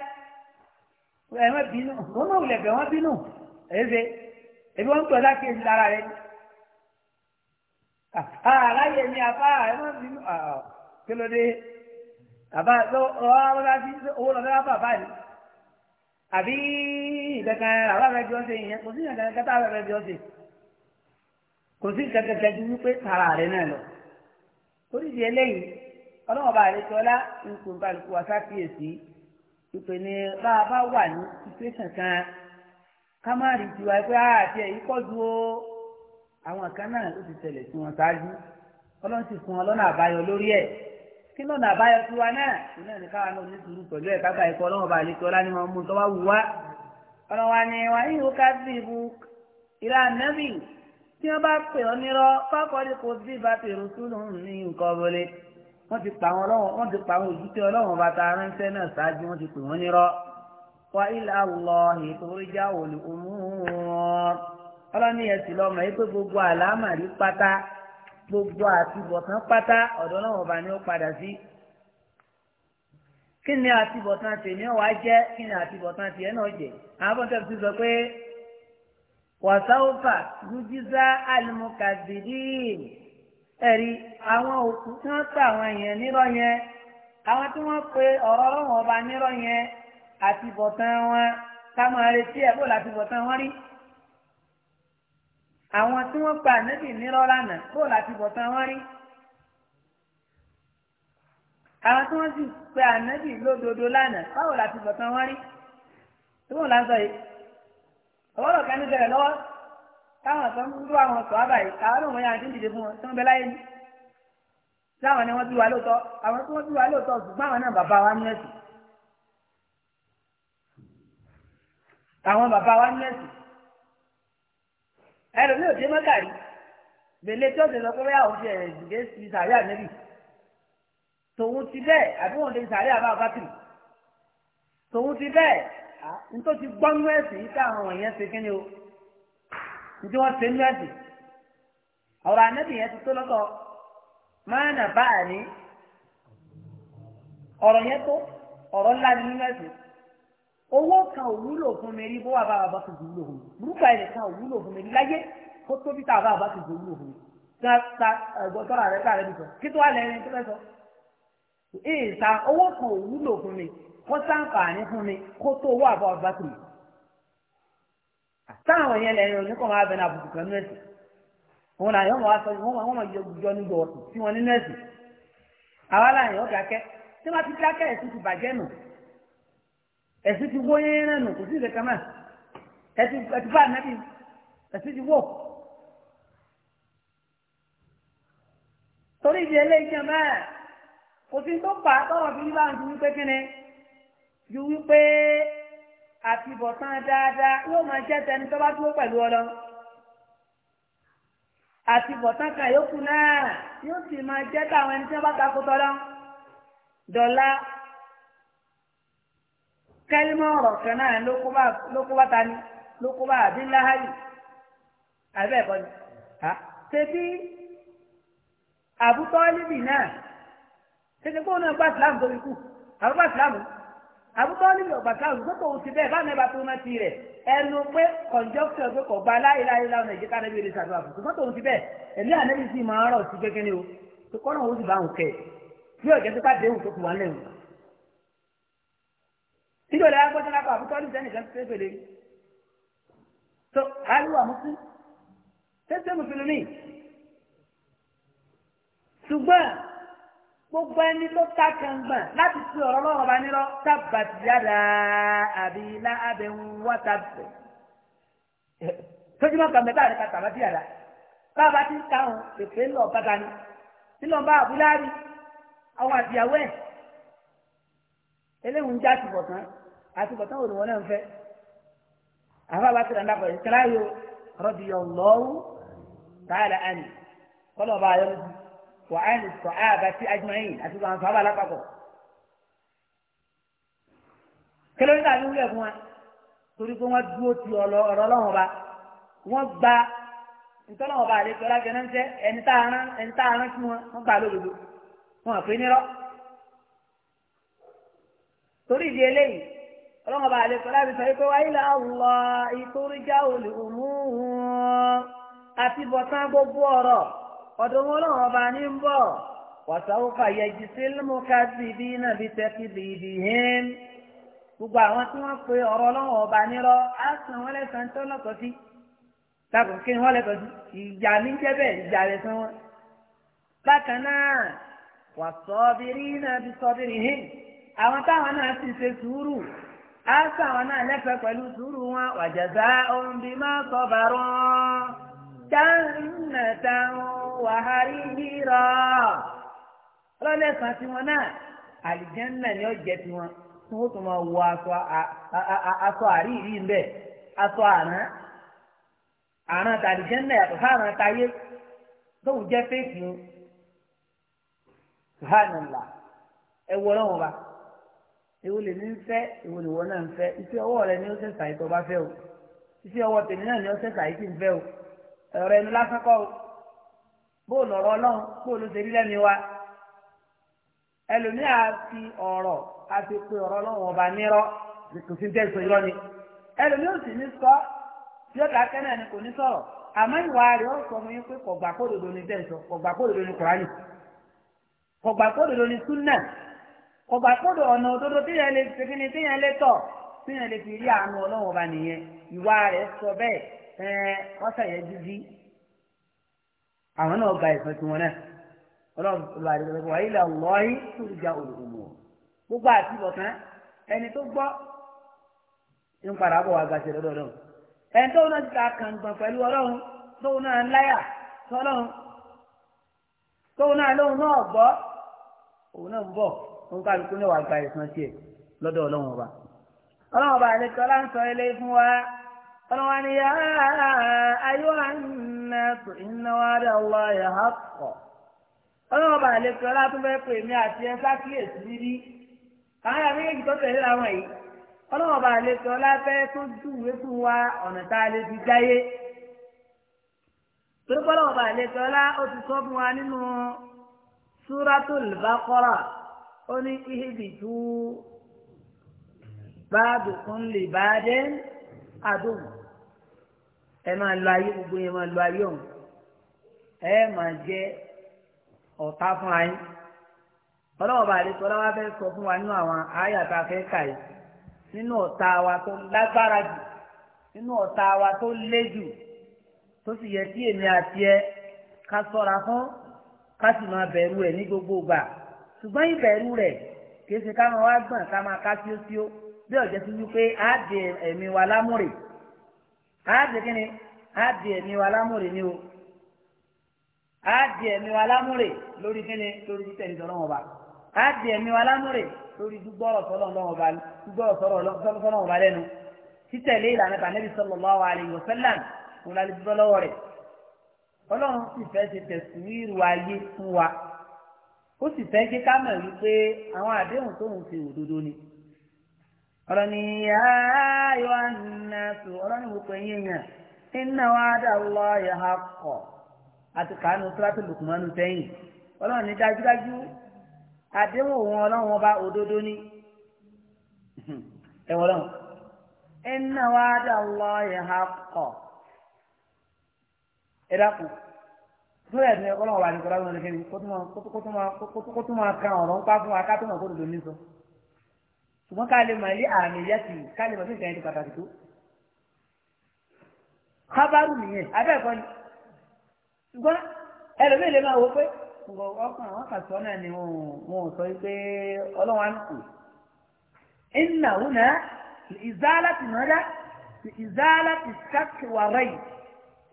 ẹ má bínú wọn náà wulẹ̀ bẹ̀ wọ́n bínú ẹ̀ẹ́dẹ̀ ẹ̀bí wọ́n ń tọ́ láti èyí lára rẹ̀ aláyẹ̀ ni àbá ẹ má bínú kí ló dé àbá owó lọ́dọ́ bá bàbá yìí àbí ìdẹ̀kan àbá rẹ̀ jọ́ ṣe ìyẹn kò sí ìyẹn kẹta rẹ̀ jọ́ ṣe kò sí kẹkẹkẹ ju wípé tara rẹ̀ náà lọ torí di eléyìí ọlọ́wọ́n bá rẹ̀ jọ́lá nǹkan kálukú wa sá kíyèsí pípé ní bá a bá wà ní situation kan ká má rí tiwa pé àti ẹ̀yìn pọ̀ ju àwọn kan náà ló ti tẹ̀lẹ̀ sí wọn ṣáájú ọlọ́run ti fún wọn lọ́nà àbáyọ lórí ẹ̀ kí lọ́nà àbáyọ tiwa náà ìná náà ní sùúrù pẹ̀lú ẹ̀ kápá ẹ̀kọ́ ọlọ́run bá àlejò ọlá ní wọn mú tọ́wá wù wá ọ̀rọ̀ wa ni wà ní ìhó káàdì ìbú ìlà nẹ́bì tí wọ́n bá pè ọ́ nírọ́ fákọ́ọ́dì wọ́n ti pa àwọn ọlọ́wọ́n wọ́n ti pa àwọn òjútẹ́ ọlọ́wọ́n bá ta aránṣẹ́ náà ṣáájú wọ́n ti pè wọ́n nírọ́ wa ilà Allahi turja al umur ọlọ́ni ẹ̀sìn lọ́mọ yìí pé gbogbo àlámàrí pátá gbogbo àtibọ̀tán pátá ọ̀dọ́ náà ọba ni ó padà sí. kí ni àtibọ̀tán tèmi wàá jẹ́ kí ni àtibọ̀tán tiẹ̀ náà jẹ́ àwọn bọ́tẹ́ ẹ̀rí àwọn òkú tí wọ́n ta àwọn èèyàn nírọ̀ yẹn àwọn tí wọ́n pe ọ̀rọ̀ ọlọ́run ọba nírọ̀ yẹn àti bọ̀tán wọn ká máa retí ẹ̀ bó láti bọ̀tán wọn rí àwọn tí wọ́n pa ànábì nírọ̀ lánàá bó láti bọ̀tán wọn rí àwọn tí wọ́n sì pe ànábì lódodo lánàá báwo láti bọ̀tán wọn rí tí wọ́n lásọ yìí ọwọ́ lọ́ọ̀ká ní tẹ̀lé lọ́wọ́ táwọn tó ń dúró àwọn sọ àbàyè àwọn náà wọ́n yà ti ń dìde fún wọn tó ń bẹ láyé ni láwọn ni wọ́n ti wà lóòótọ́ àwọn tí wọ́n ti wà lóòótọ́ ṣùgbọ́n àwọn náà bàbá wa ní ẹ̀sìn àwọn bàbá wa ní ẹ̀sìn ẹlòmíì ò dé mọ́kàrí gbèlè tí ó ti sọ pé bóyá òun ṣe ẹ̀dùnkè sí sàrí ànẹ́bì tòun ti bẹ́ẹ̀ àbí wọn lè sàrí àbá bákìrì tòun ti bẹ́ẹ̀ nítorí gbọ́nú ẹ̀sìn yìí táwọn wọ̀nyẹn ṣe kí ni nítorí wọ́n ṣe ń lọ́dì ọ̀rọ̀ ànábì yẹn ti tó lọ́kọ̀ máa nà bá a ní ọ̀rọ̀ yẹn tó ọ̀rọ̀ ńlá ni nínú ẹ̀sìn owó kan ò wúlò fún mi rí bó wà bá a bá ti wúlò fún mi burúkú àyè kan ò wúlò fún mi rí láyé kó tóbi tá a bá a bá ti wúlò fún mi tá a gbọ́dọ̀ àrẹ tá a rẹ bì kí tó wà lẹ́yìn tó fẹ́ sọ ìta owó kan ò fún mi kó sáǹfààní fún mi kó tó owó àbọ̀ àbátìrì táwọn yẹn lẹ́yìn òní kò máa bẹ náà àbùkù kan nínú ẹ̀sìn òun náà yọ̀ọ́ máa sọ wọ́n máa yọ níjọ ọ̀sìn tí wọ́n nínú ẹ̀sìn àwa láàyè ó dákẹ́ tí wọ́n ti dákẹ́ ẹ̀sìn ti bàjẹ́ nù ẹ̀sìn ti wó yẹ́rẹ́ nù kò sí ìrẹ́kẹ́ mọ́ ẹ̀sìn ti bá ànábì ẹ̀sìn ti wó. torí ìdí eléyìí jẹ́ mẹ́ẹ̀ kò sí tó pa tọ́rọ̀ fi yí bá ń ju wípé kíni ju wípé àtibọ̀tán dáadáa yóò máa jẹ́ tẹni tó bá dúró pẹ̀lú ọlọ́ àtibọ̀tán kan yòókù náà yóò sì máa jẹ́ táwọn ẹni tí wọ́n bá takò tọ́lọ́ dọ̀la kẹ́límọ̀ ọ̀rọ̀ kan náà ló kó bá ta ni ló kó bá àbí láhàyè àbẹ́ ẹ̀kọ́ ni tẹbi àbútọ́ níbì náà tẹ̀síkó náà gbà sílámù tó fi kú àbúgbà sílámù àbúkọ́ níbi ọ̀gbàká òṣùgbọ́n tó ti bẹ́ẹ̀ bá nẹ́bà tó rántí rẹ̀ ẹnu pé kọ̀ǹjọ́sọ̀ pé kò gba láìláìlá ọ̀nà ìjẹ́ká nẹ́bí rẹ̀ ṣàdúrà fún ṣùgbọ́n tó ti bẹ́ẹ̀ ẹ̀mí ànẹ́bí sì máa rọ̀ sí gẹ́gẹ́ ni o tó kọ́ náà ó sì bá òun kẹ́ ẹ̀ bí ọ̀jẹ́ tó bá déhùn tó kù wá lẹ́hùn. níjọ́ lẹ́yìn agbọ́jọ́ lápá àbúkọ́ níbi sẹ́nìkan ti tẹ́fẹ̀lẹ́ so aliwa musu tẹ́tẹ́ mùsùlùmí ṣùgbọ́n gbogbo ẹni tó ta kàngbọ̀n láti fi ọ̀rọ̀ lọ́wọ́ ọba nírọ́ tábàtì yára àbí iná abẹ ń wá tábẹ̀. sójúmọ́ kan mẹ́ta rẹ̀ ka tàbátì yàrá báwa ti ń ka hàn pèpè ńlọ bàbá ni nílò bá àbúlá rí àwọn àdìyàwó ẹ̀ eléwu ń já àtìbọ̀tán àtìbọ̀tán òdòwọ́ náà ń fẹ́ àfa bá ti rà ńdàpọ̀ ìkẹlẹ́ ayò rọ́bì ọ̀lọ́wù tààlà àná kọ́lọ̀ wà á lè sọ ààbà tí ajumayin àti sọ àwọn sọ àbá alápapọ̀ kílódé tàbí wúlẹ̀ fún wa torí pé wọ́n dúró ti ọ̀rọ̀ ọlọ́run ọba wọ́n gba ntọ́lọ́run ọba àlejò ọlájọ náà ń jẹ́ ẹni tá a rán ẹni tá a rán sí wọn wọ́n gbà lódodo wọn àpé nírọ́ torí ìdí eléyìí ọlọ́run ọba àlejò ọlájọ sọ pé wáyé là wọ ìtòrí já olùmúhùn àti bọ̀tán gbogbo ọ̀rọ̀. ọ̀dọ̀ ọba ní ń bọ̀ wàsáwùfà yẹjì sílmù kábíbí náà fi tẹ́kí gbogbo àwọn tí wọ́n pe ọ̀rọ̀ ọba nírọ́ san wọ́n si tó lọ́kọ̀ sí takùn kí wọ́n lẹ́kọ̀ọ́ sí ìjà ní jẹ́bẹ̀ ìjà rẹ̀ san wọ́n. bákan náà náà sọ́bìrì àwọn táwọn náà sì ṣe sùúrù àwọn náà lẹ́fẹ̀ẹ́ pẹ̀lú sùúrù wọn wàjàzá ohun bíi وحريرا ọlọ́lẹ́sàn tiwọn náà àlìjẹ́nà ni ó jẹ́ tiwọn tí wọ́n tún máa wọ aṣọ àríyìí ń bẹ̀ aṣọ àrán àrán tàlìjẹ́nà yàtọ̀ sáàrán táyé tóun jẹ́ fèsì ń sùhánàlá ẹ wọ lọ́wọ́n ba èwo lè ní fẹ́ èwo lè wọ náà ń fẹ́ iṣẹ́ ọwọ́ rẹ ni ó ṣe ṣàyí tó bá fẹ́ o iṣẹ́ ọwọ́ tèmi náà ni ó ṣe ṣàyí ń fẹ́ o ẹ̀rọ ẹnu lásán kọ́ bó lọ̀rọ̀ ọlọ́run bó ló ṣe rí lẹ́nu wa ẹlòmíà fi ọ̀rọ̀ àti pé ọ̀rọ̀ ọlọ́run ọba nírọ́ kò sí tẹ̀sán irọ́ ni ẹlòmíà sì ní sọ tí ó dákẹ́ náà ni kò ní sọ̀rọ̀ àmọ́ ìwà rẹ̀ ó sọ fún yín pé kọ̀gbà kódodo ni tẹ̀sán kọ̀gbà kódodo ni kùránì kọ̀gbà kódodo ni súnà kọ̀gbà kódo ọ̀nà òdodo téèyàn lè tọ̀ téèyàn lè fi rí àánú ọlọ́run ọba nìyẹn ìwà rẹ̀ sọ bẹ́ẹ̀ ẹ̀ àwọn náà gba ẹ̀sán tiwọn náà ọlọ́run ló àdéhùn pé wàyí là lọ́ọ́yì tó ń ja olùkùnmù gbogbo àti ìbọ̀tán ẹni tó gbọ́ ń padà bọ̀ wá gàṣẹ lọ́dọ̀ ọlọ́run ẹni tó náà ti ta kàǹgbọ̀n pẹ̀lú ọlọ́run tóun náà ń láyà tọ́lọ́run tóun náà lóun náà gbọ́ òun náà ń bọ̀ òun kálukú náà wà gba ẹ̀sán tiẹ̀ lọ́dọ̀ ọlọ́run ọba ọlọ́run ọba àlejò ọlá ń sọ ilé fún wa. ọlọ́wọ́n ni yá ayọ́ àná tó iná wá rí ọlọ́ ya ha kọ̀ ọlọ́wọ́n fẹ́ pè mí àti ẹ sákìyèsí rírí àwọn àmì méjì tó tẹ̀lé làwọn yìí ọlọ́wọ́n bá lè kọ́ láfẹ́ tó fún wa ọ̀nà tá a lè fi jáyé torípọ́lọ́ ọba àlejò ọlá ó ti sọ fún wa nínú ó ní lè bá dé ẹ máa lo ayé gbogbo yẹn máa lo ayé ọ̀hún ẹ máa jẹ ọ̀tá fúnra yín ọlọ́wọ́ bá lè sọ ọlọ́wọ́ fẹ́ sọ fún wa nínú àwọn àyà tá a fẹ́ kà yìí nínú ọ̀tá wa tó lágbára jù nínú ọ̀tá wa tó lé jù tó sì yẹ kí èmi àti ẹ ká sọ́ra fún ká sì máa bẹ̀rù ẹ̀ ní gbogbo ìgbà ṣùgbọ́n ìbẹ̀rù rẹ̀ kìí ṣe ká máa wá gbọ̀n ká máa ká síósíó bí ọ̀jẹ̀ ti wí pé á dé ẹ̀mí wa lámúrè àádìí ni àádìí ẹ̀mí wa lámúre ni o àádìí ẹ̀mí wa lámúre lórí kí ni lórí títẹ̀ ìjọ lọ́wọ́ ba àádìí ẹ̀mí wa lámúre lórí gbígbọ́rọ̀ sọ́lọ́ lọ́wọ́ ba gbígbọ́rọ̀ sọ́lọ́ lọ́wọ́ ba lẹ́nu títẹ̀lé ìlànà tànẹ́bí sallallahu alaihi wasallam kò lálẹ́ dúró lọ́wọ́ rẹ̀ ọlọ́run sì fẹ́ ṣe tẹ̀síwìrì ayé fún wa ó sì fẹ́ jẹ́ ká mọ̀ wípé àwọn àdéhùn tóun ṣe òdodo ni. ọ̀rọ̀ ni ayọ̀ ànàtù ọ̀rọ̀ ni gbogbo ẹ̀yìn yẹn iná wa dà lọ yàrá kọ̀ àti kàánù tíráàtì lùkùmánù sẹ́yìn ọlọ́run ní dájúdájú àdéhùn òun ọlọ́run ọba òdodo ni ẹ wọ́n lọ́run wa dà lọ yàrá ní máa ṣùgbọ́n ká lè mọ̀ rí àmì yẹ́tì ká lè mọ̀ sí nǹkan ẹni pàtàkì tó. kábàrù nìyẹn abẹ́ẹ̀kọ́ ni ṣùgbọ́n ẹlòmíì lè máa wọ pé ọkàn wọn kà sọ náà ni wọn ò sọ pé ọlọ́wọ́n á ń kù. ìnà òun ìzálà ti mọ̀ dá ìzálà ti ṣàkíwà yìí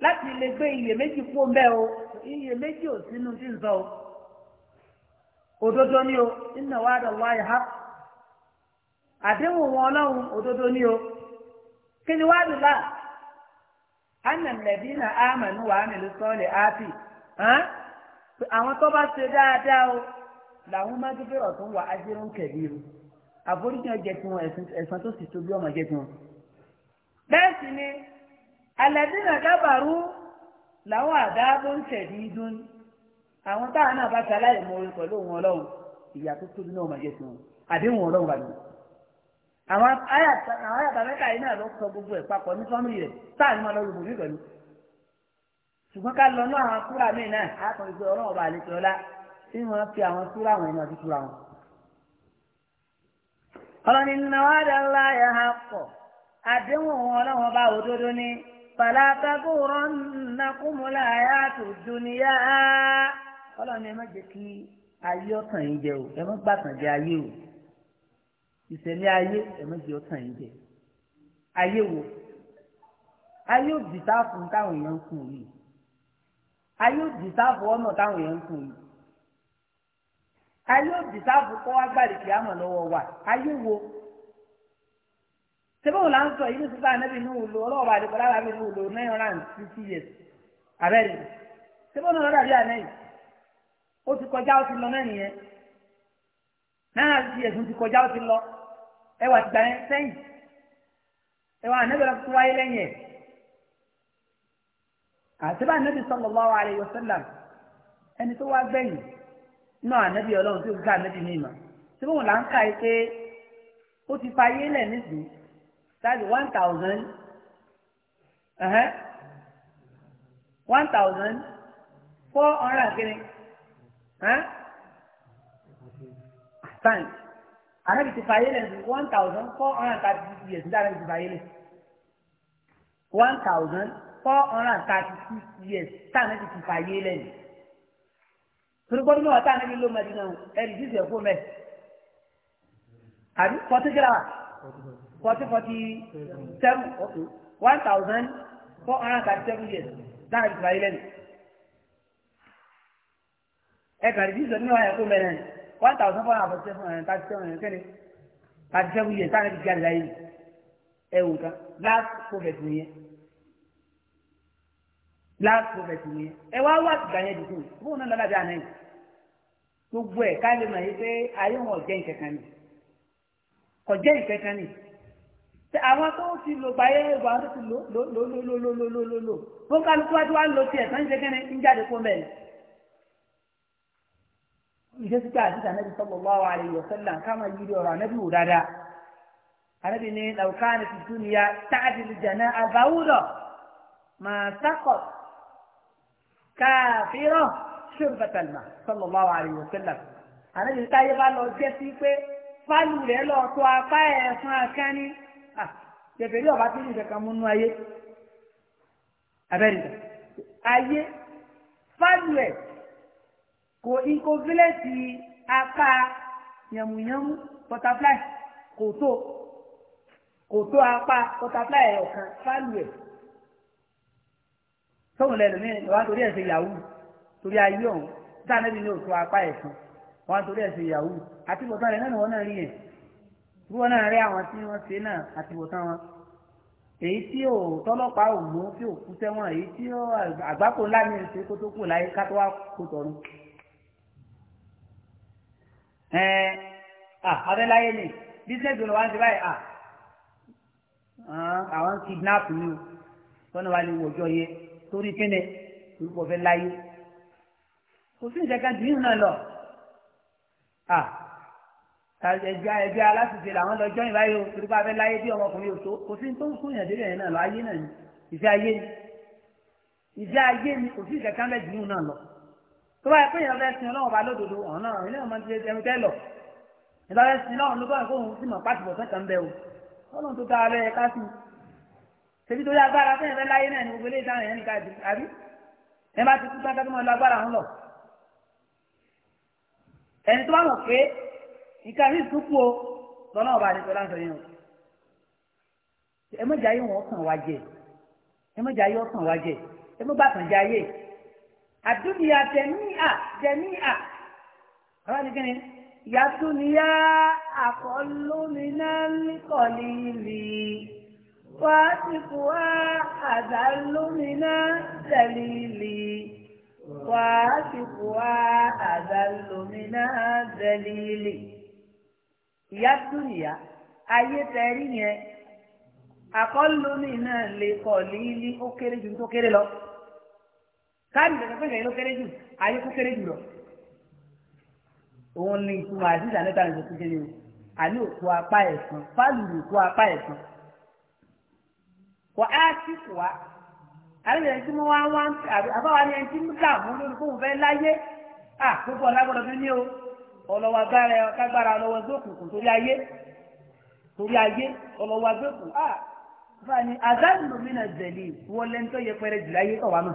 láti lè gbé iyèméjì kú mbẹ́ o iyèméjì ò sínú tí ń sọ o òdodo ni o ìnà wàdà wáyà hàpù àdéhùn wọn ọlọ́run òdodo ní o kí ni wàá dùn láà anàlẹ́bí na àmàlú wàá nílùú sọ́ọ̀lì áàfì àwọn tó bá ṣe dáadáa o làwọn máa dúpẹ́ ọ̀tún wà ájírún kẹ̀lẹ́rù àforíjì ọjẹ́ tí wọn ẹ̀sán tó sì tóbi ọmọ jẹ́ bẹ́ẹ̀ sì ni alẹ́bí na dábàrú làwọn àdáàbò ń tẹ̀lé idún àwọn táwọn náà bá ṣe aláìmoore pẹ̀lú òun ọlọ́run ìyà tó tóbi náà ọmọ jẹ́ àdéhùn ọlọ́run bàbá àwọn àyàtà mẹ́ta yìí náà ló sọ gbogbo ẹ̀ papọ̀ ní sọ́mìlì rẹ̀ táà ní máa lọ rògbò mí pẹ̀lú ṣùgbọ́n ká lọ náà àwọn súrà míì náà á kàn gbé ọlọ́run ọba àlejò ọlá tí wọ́n fi àwọn súrà wọn ẹ̀yìn àti súrà wọn. ọlọ́ni nínú àwọn àdàlá yà á pọ̀ àdéhùn wọn ọlọ́run ọba òdodo ni fàlàtàkù rọ́nàkùmùlà àyàtò dùnìyà ọlọ́ni ẹ má jẹ́ ẹ ìṣẹ̀lẹ̀ ayé ẹ̀mẹ́jì ọ̀tàn yìí jẹ ayé wo ayé òdì sáfù táwọn èèyàn ń fún yìí ayé òdì sáfù ọ̀nà táwọn èèyàn ń fún yìí ayé òdì sáfù kọ́ agbárí àmọ̀ lọ́wọ́ wa ayé wo sẹ́fọ̀n là ń yìí ní sísá anábì ní òòlù ọlọ́ọ̀bà àdìgbò lára mi ní òòlù nine hundred and fifty years abẹ́rẹ́ sẹ́fọ̀n náà dàbí ànáyì ó ti kọjá ó ti lọ mẹ́rin yẹn nine hundred and fifty years ó ti kọjá ó ti lọ ẹwà ti gbà yẹn sẹ́yìn ẹwà ànábì tó wáyé lẹ́yìn ẹ̀ àtibá ànábì sallallahu alayhi wa sallam ẹni tó wá gbẹ̀yìn náà ànábì ọlọ́run tó gbà ànábì ní ìmọ̀ tí wọn là ń kà yìí ó ti fa ayé lẹ̀ sáàbì one thousand one thousand four hundred kiri. Thanks ànábì ti fàyè lẹ̀ ní one thousand four hundred thirty six years nígbà tí fàyè lẹ̀ one thousand four hundred thirty six years tànábì ti fàyè lẹ̀ ní. turugbo ní wọn tànábì ló mẹ́rin náà ẹ̀rí sísè kó mẹ́ àbí forty kíra wa forty forty seven one thousand four hundred thirty seven years tànábì ti fàyè lẹ̀ ní. ẹ kàrí sísè ní wọn yẹ náà one thousand four hundred and thirty seven kẹ́ni thirty seven years táwọn ẹbí jáde láyé ẹ wò tán last prophet nìyẹn last prophet nìyẹn ẹ wá wá àtìgbà yẹn dùkú fóun náà lọ́dà bí àná yìí gbogbo ẹ̀ ká lè mọ̀ yìí pé ayé wọn jẹ́ ìkẹ̀kẹ́ ni kò jẹ́ ìkẹ̀kẹ́ ni tí àwọn tó ti lò gbáyé ìwà tó ti lò lò lò lò lò lò lò lò lò lò fún kálukú wá tí wàá lò tiẹ̀ tán ń ṣe kẹ́ni ń jáde fún bẹ́ẹ̀ ìṣesí tí àdìsí ànábì sallallahu alayhi wa sallam káma yí ọ̀rọ̀ ànábì wò dáadáa ànábì ní law kanat ad-dunya ta'dilu janaha ba'udah ma saqat kafiran shurbatal ma' sallallahu alayhi wa sallam ànábì táyé bá lọ jẹ́ sí pé fálù rẹ̀ lọ tó apá ẹ̀ fún akání tẹ̀fẹ̀rí ah, ọba tí nìkan kan múnú ayé abẹ́rẹ́ ayé fálù ẹ̀ kò incovulate apá yàmùyàmù butterfly kò tó kò tó apá butterfly ọ̀kan fálù ẹ̀ sọ́wọ́n lẹ́nu mi wá torí ẹ̀ ṣe yahoo torí ayé ọ̀hún sáà níbi ní òtún apá ẹ̀ fún wá torí ẹ̀ ṣe yahoo àti bọ̀tán rẹ̀ náà wọ́n náà rí yẹn bí wọ́n náà rí àwọn tí wọ́n ṣe náà àti bọ̀tán wọn èyí tí ò tọ́lọ́pàá ò mú tí ò kú sẹ́wọ̀n èyí tí àgbákò ńlá mi ṣe kó tó kù láyé ká tó wá kó tọ̀run ẹ eh, ah abẹ́láyé ni business owner wa ń ṣe báyìí ah, ah àwọn kidnap mi o tọ́nà wa lè wọ̀jọ́ yẹ torí kíni orúkọ fẹ́ láyé kò sí ìjẹ́ká ju yìí náà lọ ah ẹgbẹ́ ẹgbẹ́ aláṣẹṣe làwọn lọ jọ́yìn báyìí o torí pa fẹ́ láyé bí ọmọkùnrin o tó kò sí tó ń kó yàn débẹ̀ yẹn náà lọ ayé náà ni ìfẹ́ ayé ni ìfẹ́ ayé ni kò sí bẹ́ẹ̀ ju yìí náà lọ tó bá yẹ pé èèyàn fẹ́ sin ọlọ́run ọba lódodo ọ̀hún náà ilé ọmọ ti ẹni tẹ́ lọ ìlọ fẹ́ sin ọlọ́run ló báyìí fóun sì mọ̀ pàṣípọ̀ sẹ́kàn bẹ́ẹ̀ o ọlọ́run tó dára lẹ́yẹ ká sí i ṣèbí torí agbára fẹ́yìn fẹ́ láyé náà ni gbogbo eléyìí táwọn èèyàn nìkan àbí ẹ bá ti kú sáńtà tó máa lọ agbára ń lọ ẹni tó bá mọ̀ pé nǹkan rí àdúnyà jẹ̀míà jẹ̀míà ọ̀rọ̀ ni kíni yàtúnyà àkọlómìnà kọ̀lì rí wàásìkúwà àdàlómìnà tẹ̀lì rí wàásìkúwà àdàlómìnà tẹ̀lì rí yàtúnyà ayé tẹ̀rí yẹn àkọlómìnà ó kéré ju tó kéré lọ. káàdì tẹ̀sán pé ìṣẹ̀yìn ló kéré jù ayé kó kéré jù lọ. òun ni ìtumọ̀ àdìsá níta ní ìṣòkú kéré o àní òkú apá ẹ̀sán fálùlù òkú apá ẹ̀sán. wà á sì wá àbí ẹni tí wọ́n wá wá àbáwá ni ẹni tí ń dà mú lórí fóun fẹ́ láyé à púpọ̀ lágbọ́dọ̀ fi ní o ọlọ́wọ́ agbára kágbára ọlọ́wọ́ gbókùnkùn torí ayé torí ayé ọlọ́wọ́ agbókùn à wọlé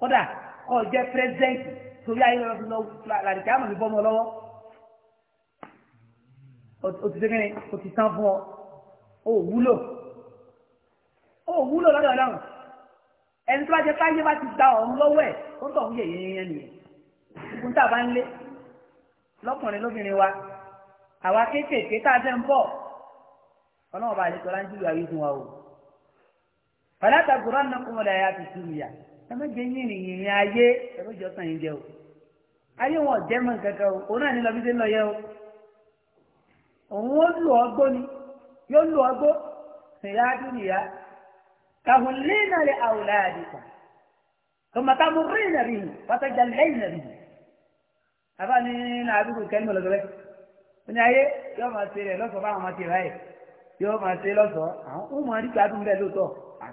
kódà kọ́ ọ jẹ́ pírẹ́sidẹ́ǹtì torí ayé lọ́wọ́ làdìkẹ́ àmọ̀ mi bọ́ ọmọ lọ́wọ́ o ti sẹ́kẹ́ni o ti tán fún ọ o wúlò o wúlò lọ́dọ̀ ọlọ́run ẹni tó bá jẹ́ káyé bá ti gba ọ̀run lọ́wọ́ ẹ̀ ó ń tọ̀ ń yẹ̀yẹ́ yẹn nìyẹn ìkún tá a bá ń lé lọ́kùnrin lóbìnrin wa àwa kéékèèké tá a jẹ́ ń bọ̀ ọlọ́run bá àlejò láńjú ìwà yìí fún wa o. fàlàtà gbọ́dọ̀ nàkúmọ̀lẹ́ ayé àti sùúrù yà ẹ má jẹ yín ìrìn ìrìn ayé ẹ má jọ jẹ o ayé wọn jẹ mọ kankan o òun náà ní lọ bí ṣe ń lọ yẹ o òun ó lù ọgbó ni yóò lù ọgbó ìyá dúnìyá kàhùn lẹ́nà rẹ̀ àwòlá àdìpọ̀ tọmọ táwọn rìn nàbí yìí pátájà lẹ́yìn nàbí yìí àbá ní nàbíkù kẹ́lí mọ̀lọ́gbẹ́ ní ayé yóò máa ṣe rẹ̀ lọ́sọ̀ọ́ báwọn máa ṣe rẹ̀ yóò máa ṣe lọ́sọ̀ọ́ àwọn ó máa rí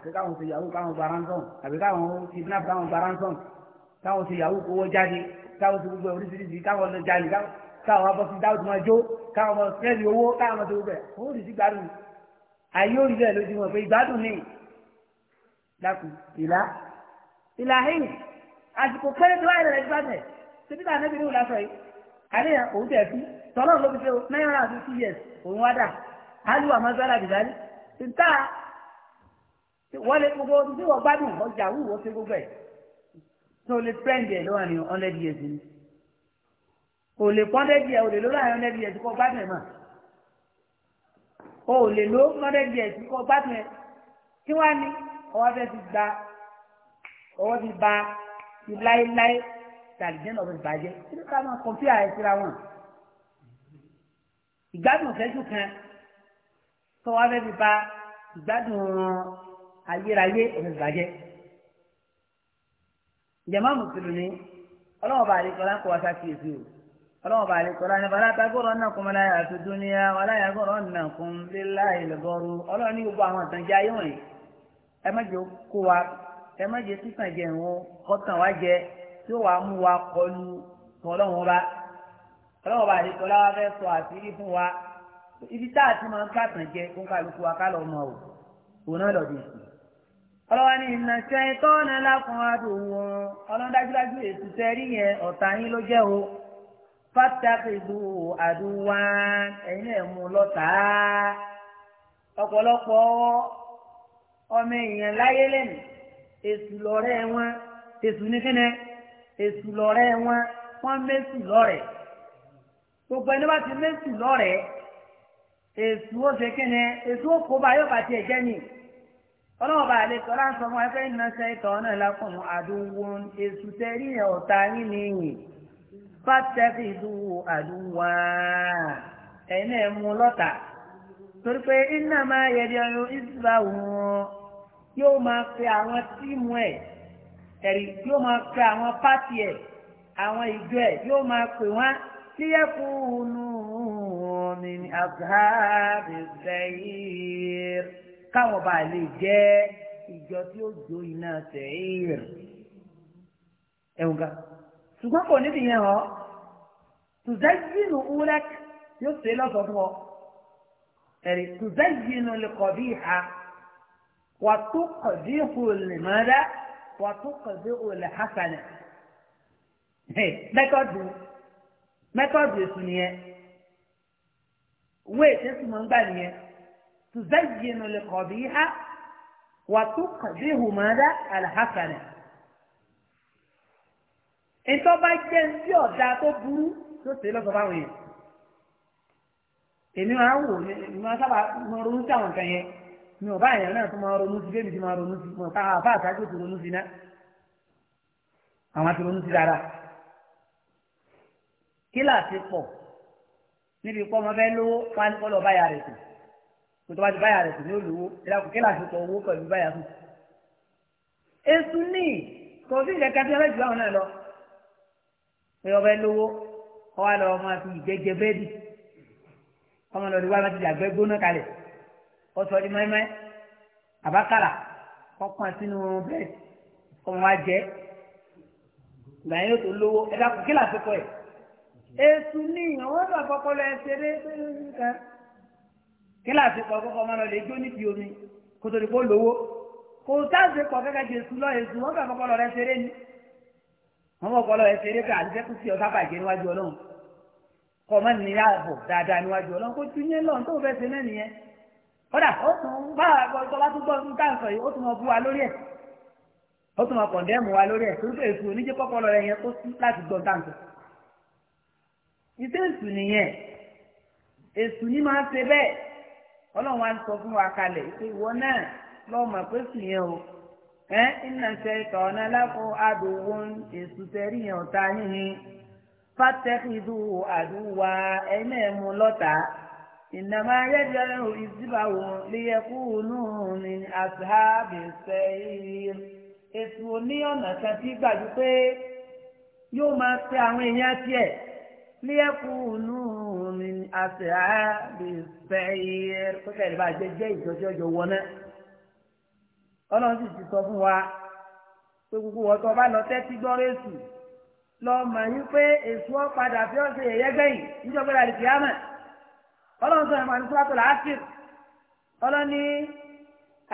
àbí káwọn ṣe yahoo káwọn gba ransom àbí káwọn kidnap káwọn gba ransom káwọn ṣe yahoo kówó jáde káwọn ṣe gbogbo oríṣiríṣi káwọn lọ jalè káwọn abọ́ sí dáwọ́ tó máa jó káwọn máa fẹ́ẹ̀lì owó káwọn máa tó gbẹ owó sì ti gbádùn ayé òrì bẹ́ẹ̀ lójú wọn pé ìgbádùn ni dákun ìlà ìlà hìn àsìkò pẹ́rẹ́ tó wáyé rẹ̀ gbàgbẹ́ ṣe nígbà nẹ́bí ní ìlàsọ yìí àríyàn òun tẹ̀ fi tọ́lọ́ ló fi ṣe náírà àti two years òun wá dà á lù àmọ́ sálà bìbálí wọ́n lè gbogbo ọdún tí wọ́n gbádùn ọjà wúwo ṣe gbogbo ẹ̀ tó lè pẹ́ǹdì ẹ̀ lọ́wọ́ ni hundred years ni kò lè pọ́ndẹ́ díẹ̀ ò lè ló láàrin hundred years kọ́ gbádùn ẹ̀ mà o lè ló hundred years kọ́ gbádùn ẹ̀ kí wọ́n á ní ọwọ́ fẹ́ ti gba ọwọ́ ti ba ti láéláé tàlìjẹ́ náà fẹ́ bàjẹ́ kí ló ká máa kọ̀ǹpí ààrẹ síra wọn ìgbádùn fẹ́jú kan tọ́wọ́ fẹ́ ti ba ìgbádùn ọ̀ràn. ayérayé onígbàjẹ́. jama mùsùlùmí ọlọ́wọ́n bá àlekọ́lá kó wá o ọlọ́wọ́n bá àlekọ́lá ní bàlá tagọ́rọ̀ náà yàtọ̀ dúníyà wàlá yàgọ́rọ̀ náà lílá ìlọ́gọ́rù ọlọ́run ní gbogbo àwọn ẹ má jẹ́ kó wa ẹ má jẹ́ jẹ ìwọ̀n kọ́tàn wá tí ó mú wa kọlu bá bá a ti máa wa ọlọ́wà ní ìnà ṣe tọ́nà lákùn àdùnwò ọlọ́run dájúdájú èsì tẹ́rí yẹn ọ̀tá yín ló jẹ́ o fàtàkìlú àdúwà ẹ̀yìn ẹ̀ mú lọ́tà ọ̀pọ̀lọpọ̀ ọmọ èèyàn láyé lẹ́nu èsù lọ́rẹ́ wọn èsù ní kíni èsù lọ́rẹ́ wọn wọ́n mẹ́sù lọ́rẹ̀ gbogbo ẹni bá ti mẹ́sù lọ́rẹ̀ èsù ó ṣe kíni èsù ó kó bá yóò bá tiẹ̀ jẹ́ nìyí ọlọ́ọ̀bà àlejò láǹsọ fún ẹgbẹ́ iná ṣẹ́tọ̀ náà lákùnrin àdúgbò èṣù tẹ́rí ẹ̀ ọ̀tá yín ni yìn pàtẹ́kì ìdúwò àdúwà ẹ̀yìn náà mú lọ́tà torí pé iná máa yẹdi ọyún àwọn tíìmù ẹ̀ yóò máa pe àwọn pátì ẹ̀ àwọn ìjọ ní àgbà bẹ̀rẹ̀ yìí káwọn bá lè jẹ́ ìjọ tí ó jó iná sẹ́yìn ẹ̀wùn ga ṣùgbọ́n kò níbi yẹn hàn tùzẹ́yìnù wúlẹ́k yóò ṣe lọ́sọ̀ fún ọ ẹ̀rí tùzẹ́yìnù lè kọ̀ bí wàtú kọ̀ ìhùlẹ̀ mọ́dá wàtú kọ̀ ìhùlẹ̀ hasanẹ̀ mẹ́tọ́dù mẹ́tọ́dù èsù nìyẹn wéè tẹ́sùmọ̀ ń gbà nìyẹn. تزين القبيح وتقبه ماذا الحسنة ìtọ́ bá jẹ́ ní ọ̀dà tó burú tó ṣe lọ́sọ̀ báwọn yẹn èmi máa ń wò ní máa sábà máa ronú sí àwọn nǹkan yẹn mi ò bá àyàn náà tó máa ronú sí bébí tí máa ronú sí mo ká àbá àtàkì tó ronú sí náà àwọn àti ronú sí dára kíláàsì pọ̀ níbi pọ́ ọmọ fẹ́ lówó wá ní kọ́lọ́ báyà rẹ̀ sùn tó bá ti báyà rẹ̀ sùn ní olówó ìlà kò kílà àṣepọ̀ owó pẹ̀lú báyà sùn. èsù ní kò sí ìlẹ̀kẹ́ tí ọlọ́jù báwọn náà lọ pé ọbẹ̀ lówó ọwọ́ àlọ́ ọmọ àti ìgbẹ́jẹ bẹ́ẹ̀dì ọmọ lọ́ọ́ di wá láti àgbẹ̀ gbóná kalẹ̀ ọ̀sọ̀ di mẹ́mẹ́ àbákàrà ọkàn sínú bẹ́ẹ̀dì ọmọ wa jẹ́ ìgbà yẹn tó lówó ìlà kò kílà àṣepọ̀ ẹ̀ èsù ní ìyàwó bàbá ọpọlọ ẹ̀ kíláàsì pọ̀ kọ́kọ́ máa lọ lè jó níbi omi kó tó di kó lówó kò sáàsì pọ̀ kẹ́kẹ́ jésù lọ èsù wọ́n kàn kọ́kọ́ lọ rẹ ṣeré ni wọ́n mọ̀ kọ́ lọ rẹ ṣeré ká àdìsẹ́kù sí ọ̀tá bàjẹ́ níwájú ọlọ́run kọ́ mọ́ ní ààbò dáadáa níwájú ọlọ́run kó tún yẹn lọ́n tó fẹ́ ṣe náà nìyẹn kódà ó tún bá ọba tó gbọ́ nǹkan sọ yìí ó tún mọ bú wa lórí ẹ̀ ó tún mọ kọ̀ndẹ́mù wa lórí ẹ̀ torí pé èsù oníjẹ́ kọ́kọ́ lọ rẹ yẹn tó sí láti gbọ́ nǹkan sọ. ìṣèṣù nìyẹn èsù ni máa ń ṣe bẹ́ẹ̀ ọlọ́run wa ń sọ fún wa kalẹ̀ pé ìwọ náà lọ́ọ́ mọ̀ pé sùn yẹn o ẹ iná ṣe ìtọ̀ ọ̀nà láfún adòwò èṣù tẹ̀rí yẹn ọ̀tá yín ni fàtẹ́kìdù àdúwà ẹ̀mẹ́ mu lọ́tà ìnàmá yẹ́dẹ̀ẹ́rù ìdíbàwò léyẹ̀kú nù ní àtàbẹ̀sẹ̀ èṣù oníyànnà kan tí gbàdú yóò máa fẹ́ àwọn èèyàn tiẹ̀. ليكونوا من أصحاب السعير kókè lè bá jẹ jẹ ìjọjọ jọ wọn náà sì ti sọ fún wa pé gbogbo wọn tó bá lọ tẹ́tí gbọ́ rẹ́sù lọ mọ̀ yín pé èso ọ̀padà fi ọ̀sẹ̀ yẹ̀yẹ́ gbẹ̀yìn níjọba ìlànà ìfìyàmọ̀ Ọlọ́run sọ̀rọ̀ màá ní sọ́tò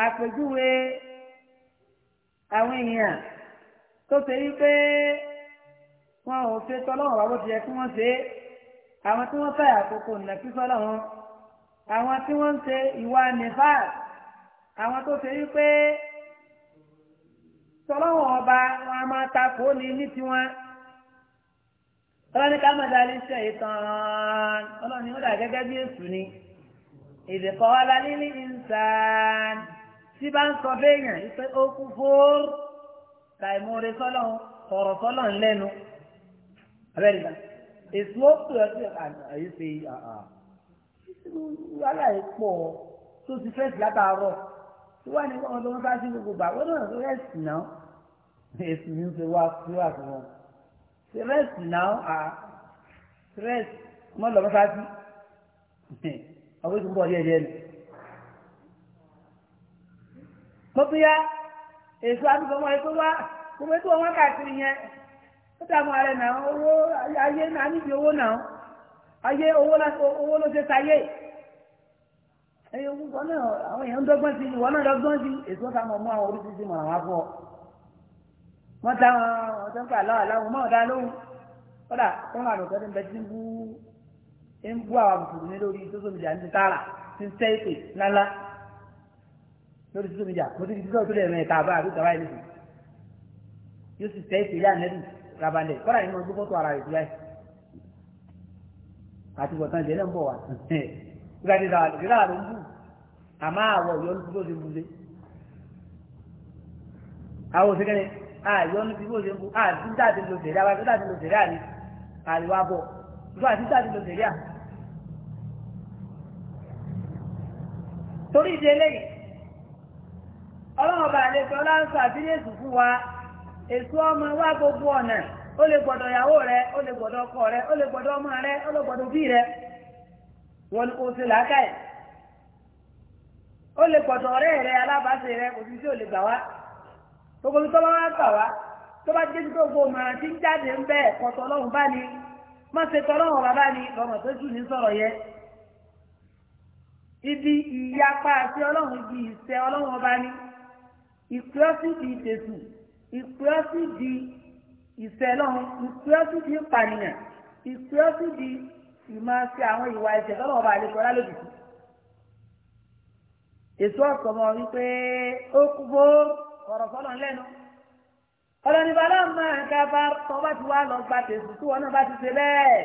àpèjúwe àwọn èèyàn tó ṣe yí pé wọn ò ṣe tọ́lọ́wọ́n bá bó ti yẹ kí wọ́n ṣe é àwọn tí wọ́n fẹ́ àkókò nà fífọ́ lọ́wọ́n àwọn tí wọ́n ń ṣe ìwà nìfà àwọn tó ṣe wípé tọ́lọ́wọ́n ọba wọn a máa takò ní ní tiwọn ọlọ́ni ká máa darí ṣe ìtàn ọlọ́ni ó dà gẹ́gẹ́ bí èṣù ni ìdìkọ́wálá lílí ìnsàn tí bá ń sọ béèyàn wípé ó kú fóor kàìmọ́re sọ́lọ́hún ọ̀rọ̀ sọ́lọ́hún lẹ́nu abẹ́rẹ́ náà èsì ó pè ọ́ sí àyè ṣe wàhálà yìí pọ̀ tó ti fẹ́ẹ̀sì látàárọ̀ tí wàá ní wọn tó ń sá sí gbogbo gbà wọn náà rẹ́ẹ̀sì náà èsì ní ṣe wá sí wà fún wọn rẹ́ẹ̀sì náà à rẹ́ẹ̀sì mọ́ lọ́mọ́ sá sí ọ̀pọ̀ ìtumọ̀ bọ̀ díẹ̀ díẹ̀ ni. mo fi ya èso àdúgbò wọn ẹ pé wá gbogbo ètò wọn káàkiri yẹn ó dààmú ààrẹ náà owó ayé náà níbi owó náà ayé owó ló ṣe sáyé ẹyẹ owó náà àwọn èèyàn ń dọ́gbọ́n sí ìwọ náà dọ́gbọ́n sí èso ká mọ̀ mọ́ àwọn oríṣiríṣi mọ̀ àwọn afọ wọ́n ta wọn ọ̀tọ́ ń pa aláwọ̀ aláwọ̀ mọ́ ọ̀dá lóhùn kódà tó ń ràdọ̀ tọ́lé ń tí ń bú ń bú àwọn mùsùlùmí lórí lórí tó yóò sì tẹ́ ètè yá nẹ́bì rabalẹ̀ kọ́ra yìí máa gbé fọ́tò ara rẹ̀ sílẹ̀ àti wọ̀tán jẹ́ náà ń bọ̀ wá nígbà tí ìdára ló ń bù àmọ́ àwọ̀ ìyọnu tí ó ṣe ń bulé àwọn òṣèkẹ́ni àìyọnu tí ó ṣe ń bu àdúgbà tí ló ṣẹ̀rí àwọn àdúgbà tí ló ṣẹ̀rí àní àríwá bọ̀ ìlú àdúgbà tí ló torí ìdí ọlọ́run ọba àlejò ọlá sọ àbílẹ̀ èsù fún wa èso ọmọ wá gbogbo ọ̀nà ó lè gbọ́dọ̀ ìyàwó rẹ ó lè gbọ́dọ̀ ọkọ rẹ ó lè gbọ́dọ̀ ọmọ rẹ ó lè gbọ́dọ̀ bí rẹ wọn kò sí làákà ẹ̀ ó lè gbọ́dọ̀ ọ̀rẹ́ rẹ alábàáṣe rẹ kò sí sí ò lè gbà wá gbogbo tó bá wá gbà wá tó bá dé ń jáde ń ẹ̀kọ́ bá ní má ṣe bàbá ní tó ní sọ̀rọ̀ ibi ìpè ọ́ sì di ìfẹ́ lọ́hùn ìpè ọ́ sì di ìpànìyàn ìpè ọ́ sì di ìmọ̀ sí àwọn ìwà ẹ̀ṣẹ̀ lọ́wọ́ ọba àlejò ọlálòdì sí. èso ọ̀sọ̀ mọ̀ wípé ó kú bó ọ̀rọ̀ sọ́nà lẹ́nu ọlọ́nìbá náà máa ń kábà tọ́ba ti wá lọ gba tèsù tí wọn náà bá ti ṣe bẹ́ẹ̀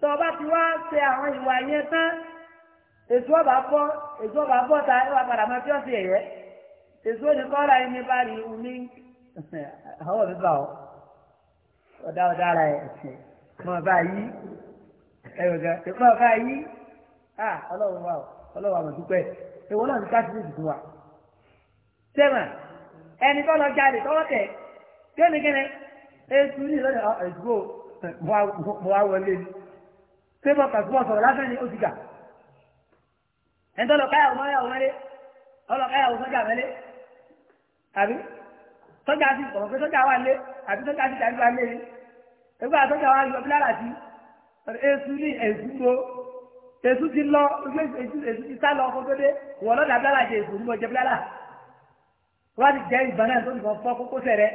tọ́ba ti wá ṣe àwọn ìwà yẹn tán èso ọba bọ́ èso ọba bọ́ ta ẹ wà padà máa fi ọ́ sí ẹ̀yẹ́ èso ni kọ́ra yìí ní báyìí ìhùn ní àwọn mi bá ọ ọ̀dà ọ̀dà ara ẹ̀ mọ̀ bá yí ẹ̀rọ gẹ̀ mọ̀ bá yí ọlọ́run wa ọlọ́run wa mọ̀ dúpẹ́ èwo náà ní káṣíṣe tuntun wa. sẹ́wọ̀n ẹni tó lọ jáde tọ́wọ́ tẹ̀ kẹ́nikẹ́ni ètù ní ìlọ́dẹ̀ ẹ̀dúgbò mo wá wọlé ni pé mo kà fún ọ lásán ni ó ti gà ẹni tó lọ káyàwó mọ́ yàwó mẹ́lẹ́ ọlọ́káyàwó sọ́jà mẹ́lẹ́ àbí sọ́jà ti sọ̀rọ̀ pé sọ́jà wà lé àbí sọ́jà ti dàgbà lé yìí ẹgbẹ́ àtọ́jà wa yọ bílára sí èsù ní èsù lọ èsù ti lọ èsù ti sá lọ ọkọ tó dé wọ́n lọ́dà bílára jẹ èsù níbo jẹ bílára wọ́n ti jẹ ìbọn náà tó nìkan fọ́ kókósẹ̀ rẹ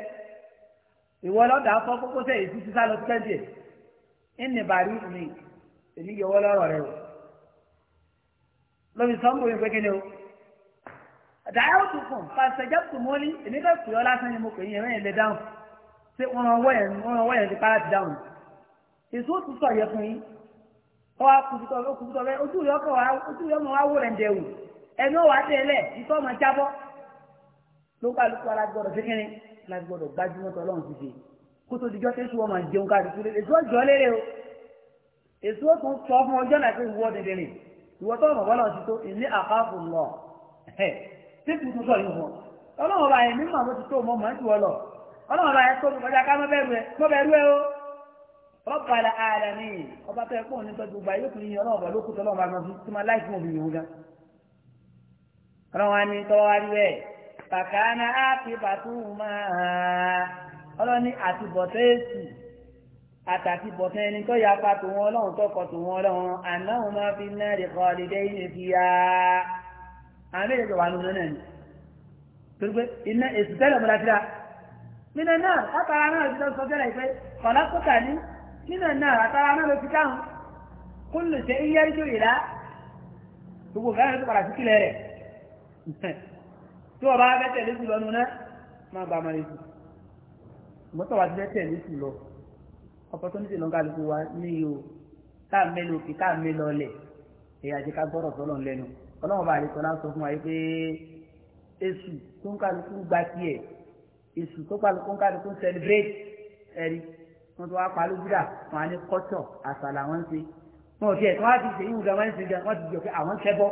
ìwọ lọ́dà fọ́ kókósẹ̀ èsù ti sá lọ sí pẹ́ńtì ẹ̀ ní bàrí mi èmi yọwọ́ lọ́rọ̀ rẹ o lóbi sọ́ńgbò yẹn pé kí ni o dàáyà tó fún pàṣẹjẹ tó mọ́lí èmi bẹ́ẹ̀ pè ọ́ lásán ni mo pè yín ẹ̀rẹ́ ilẹ̀ dáhùn ṣé wọ́n ràn wọ́yẹ̀ wọ́n ràn wọ́yẹ̀ ti para ti dáhùn èso tó sọ yẹ fún yín ọ kùtùtọ̀ ọ kùtùtọ̀ bẹ́ẹ̀ ojú yọ kọ̀ ojú yọ mọ̀ wá wò rẹ̀ ǹdẹ̀wò ẹ̀mí ọ̀wà tẹ̀lẹ̀ ìtọ́ ọmọ jábọ́ ló ń kálukú alágbọ́dọ̀ fíkínrin lágbọ́dọ̀ gbajúmọ̀ tó ọlọ́run ti ṣe kó tó dijọ́ tẹ́sí wọn máa jẹun kálukú lé èso jọ lérè o èso tó sọ fún ọjọ́ náà pé ìwọ dẹ̀dẹ̀rìn ìwọ tó ọmọ bọ́lá ti tó ìní àkáàfù lọ títí tó sọ yìí wọn ọlọ́run ọba yẹn mímọ́ àwọn ti tó mọ́ mọ́ ń tiwọ́ ọlọ́run ọba yẹn tó mi kọjá ká mọ́ bẹ́ẹ̀ rẹ mọ́ bẹ́ẹ̀ rẹ o Rabbal alamin ọba tó yẹ kó ní tọ́jú gba yóò tún yín ọlọ́run ọba ló kú ọba gan tó máa láìsí mọ̀ bìyànjú gan. ọlọ́run wa ní tọ́wọ́ rí bẹ́ẹ̀ bàkánà á fi bàtú máa ya ọlọ́run tọkọ tòun àwọn méjèèjì wà nínú náà ni torí pé iná èsì tẹ́lẹ̀ mọ́ra síra nínú náà látara náà ti lọ sọ tẹ́lẹ̀ pé kọ̀lá kọ́kà ní nínú náà látara náà ló fi káhùn kúlù ṣe iye rí jù ìlà gbogbo fẹ́ràn ló ti padà sí kílẹ̀ rẹ̀ tí ọba fẹ́ tẹ̀lé jù lọ nínú máa bá máa jù mọ́tò wa ti fẹ́ tẹ̀lé jù lọ opportunity lọ́n kálukú wa ní iyo táà mélòó kí táà mélòó lẹ̀ ọlọ́run bá àlejò náà sọ fún wa yìí pé èsù tó ń kálukú gba tiẹ̀ èsù tó kálukú ń kálukú celebrate ẹ̀rí wọ́n ti wá pa lójúdà wọn á ní kọ́tọ̀ àṣàlà wọn ṣe wọn ò tiẹ̀ tí wọ́n á ti ṣe yíwù gan wọ́n ṣe gan wọ́n ti jọ pé àwọn ṣẹbọ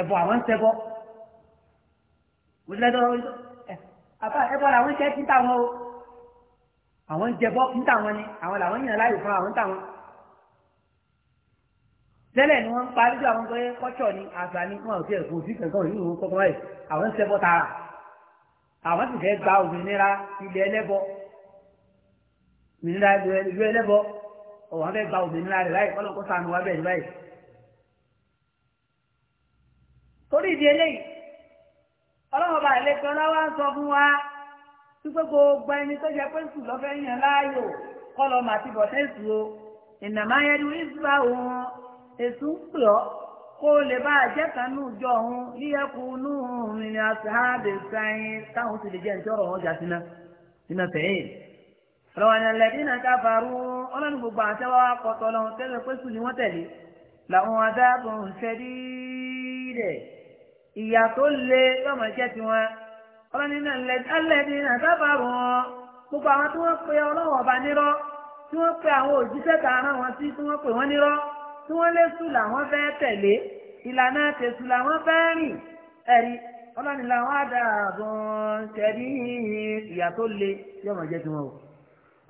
ẹbọ àwọn ṣẹbọ òṣìlẹ́dọ́rọ́ àbá ẹbọ làwọn ṣẹ́ ti táwọn o àwọn jẹbọ ń táwọn ni àwọn làwọn yàn láyò fún àwọn táwọn tẹ́lẹ̀ ni wọ́n ń parí ju àwọn tó yẹ kọ́tsọ̀ ni àgbà ni wọn ò tiẹ̀ kò sí kankan òyìnbó wọn kọ́kọ́ báyìí àwọn ń ṣẹbọ tààrà àwọn sì fẹ́ gba òmìnira ilẹ̀ ẹlẹ́bọ òmìnira ìlú ẹlẹ́bọ ọ̀wọ́n fẹ́ gba òmìnira rẹ̀ báyìí kọ́lọ́kọ́ sànù wa bẹ́ẹ̀ báyìí. torí ìdí eléyìí ọlọ́wọ́n bá ilé kan láwa ń sọ fún wa wípé gbogbo ẹni tó jẹ pé sùn lọ́fẹ́ yàn láàyò kọ́lọ́ esu ń kó o lè bá n'ụjọ ìjọ ọ̀hún yíyẹ́kù inú ìrìn àṣàbẹ̀ sáyẹn táwọn sì lè jẹ́ ìjọ́rọ̀ wọn jà sínú sínú fẹ̀yìn. ọ̀rọ̀wọ̀n ẹ̀lẹ́dín náà káfàárù ọlọ́run gbogbo àtẹ́wọ́ akọ̀tọ̀ lọ́hún tẹ́lẹ̀ pé ni wọ́n tẹ̀lé làwọn ń dídẹ̀ ìyà tó lọ́mọ ọlọ́run náà wọn gbogbo àwọn tí wọ́n pe tí wọ́n lé sùn làwọn fẹ́ tẹ̀lé ìlànà tẹ̀sùn làwọn fẹ́ rìn ẹ̀rí ọlọ́ni làwọn àdàbọ̀ tẹ̀lé ìyà tó le yóò máa jẹ́ tiwọn o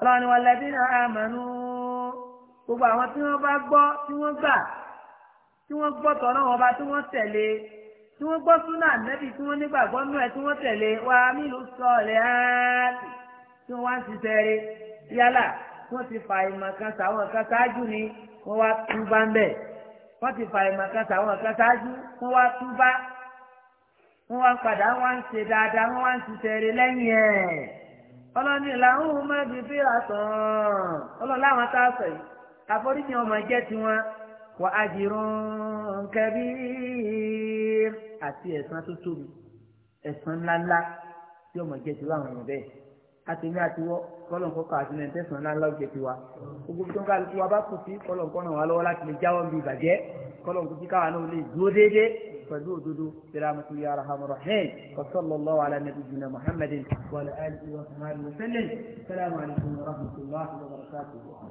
ọlọ́ni wọn lẹ́bí náà àmọ́nú gbogbo àwọn tí wọ́n bá gbọ́ tí wọ́n gbà tí wọ́n gbọ́ tọ̀nà wọn bá tí wọ́n tẹ̀lé tí wọ́n gbọ́ súnà nẹ́bí tí wọ́n nígbàgbọ́ nú ẹ̀ tí wọ́n tẹ̀lé wa mílùú sọ ọ̀lẹ́ áàtì tí wọ́n wá ń ṣiṣẹ́ rẹ̀ yálà wọ́n ti fà ìmọ̀ kan sàwọn kan ṣáájú ni wọ́n wá túbá ń bẹ̀ wọ́n ti fa ìmọ̀ kan sàwọn kan ṣáájú wọ́n wá túbá wọ́n wá padà wọ́n ń ṣe dáadáa wọ́n wá ń ṣiṣẹ́ rẹ lẹ́yìn ẹ̀ ọlọ́ni làwọn ohun máa fi fíra tán ọlọ́ni làwọn tá a sọ yìí àforíjì ọmọ jẹ́ tiwọn wà á jìrún kẹbí àti ẹ̀san tó tóbi ẹ̀san ńláńlá tí ọmọ jẹ́ tiwọn àwọn ọmọ bẹ́ẹ̀ àtẹ̀mí àtiwọ́ kọ́lọ̀nkọ́ kà àti nẹ̀ẹ́tẹ̀sán ńlá ńlá òjò tiwa gbogbo tó ń kálukú wa bá kù sí kọ́lọ̀nkọ́ ràn wá lọ́wọ́ láti lè jáwọ́ bí ìbàjẹ́ kọ́lọ̀nkọ́ tí káwa náà lè dúró déédé pẹ̀lú òdodo sẹ́lámùtú ya rahman rahim wasallallahu ala nabiyyina muhammadin wa ala alihi wa sahbihi wa sallam salamu alaykum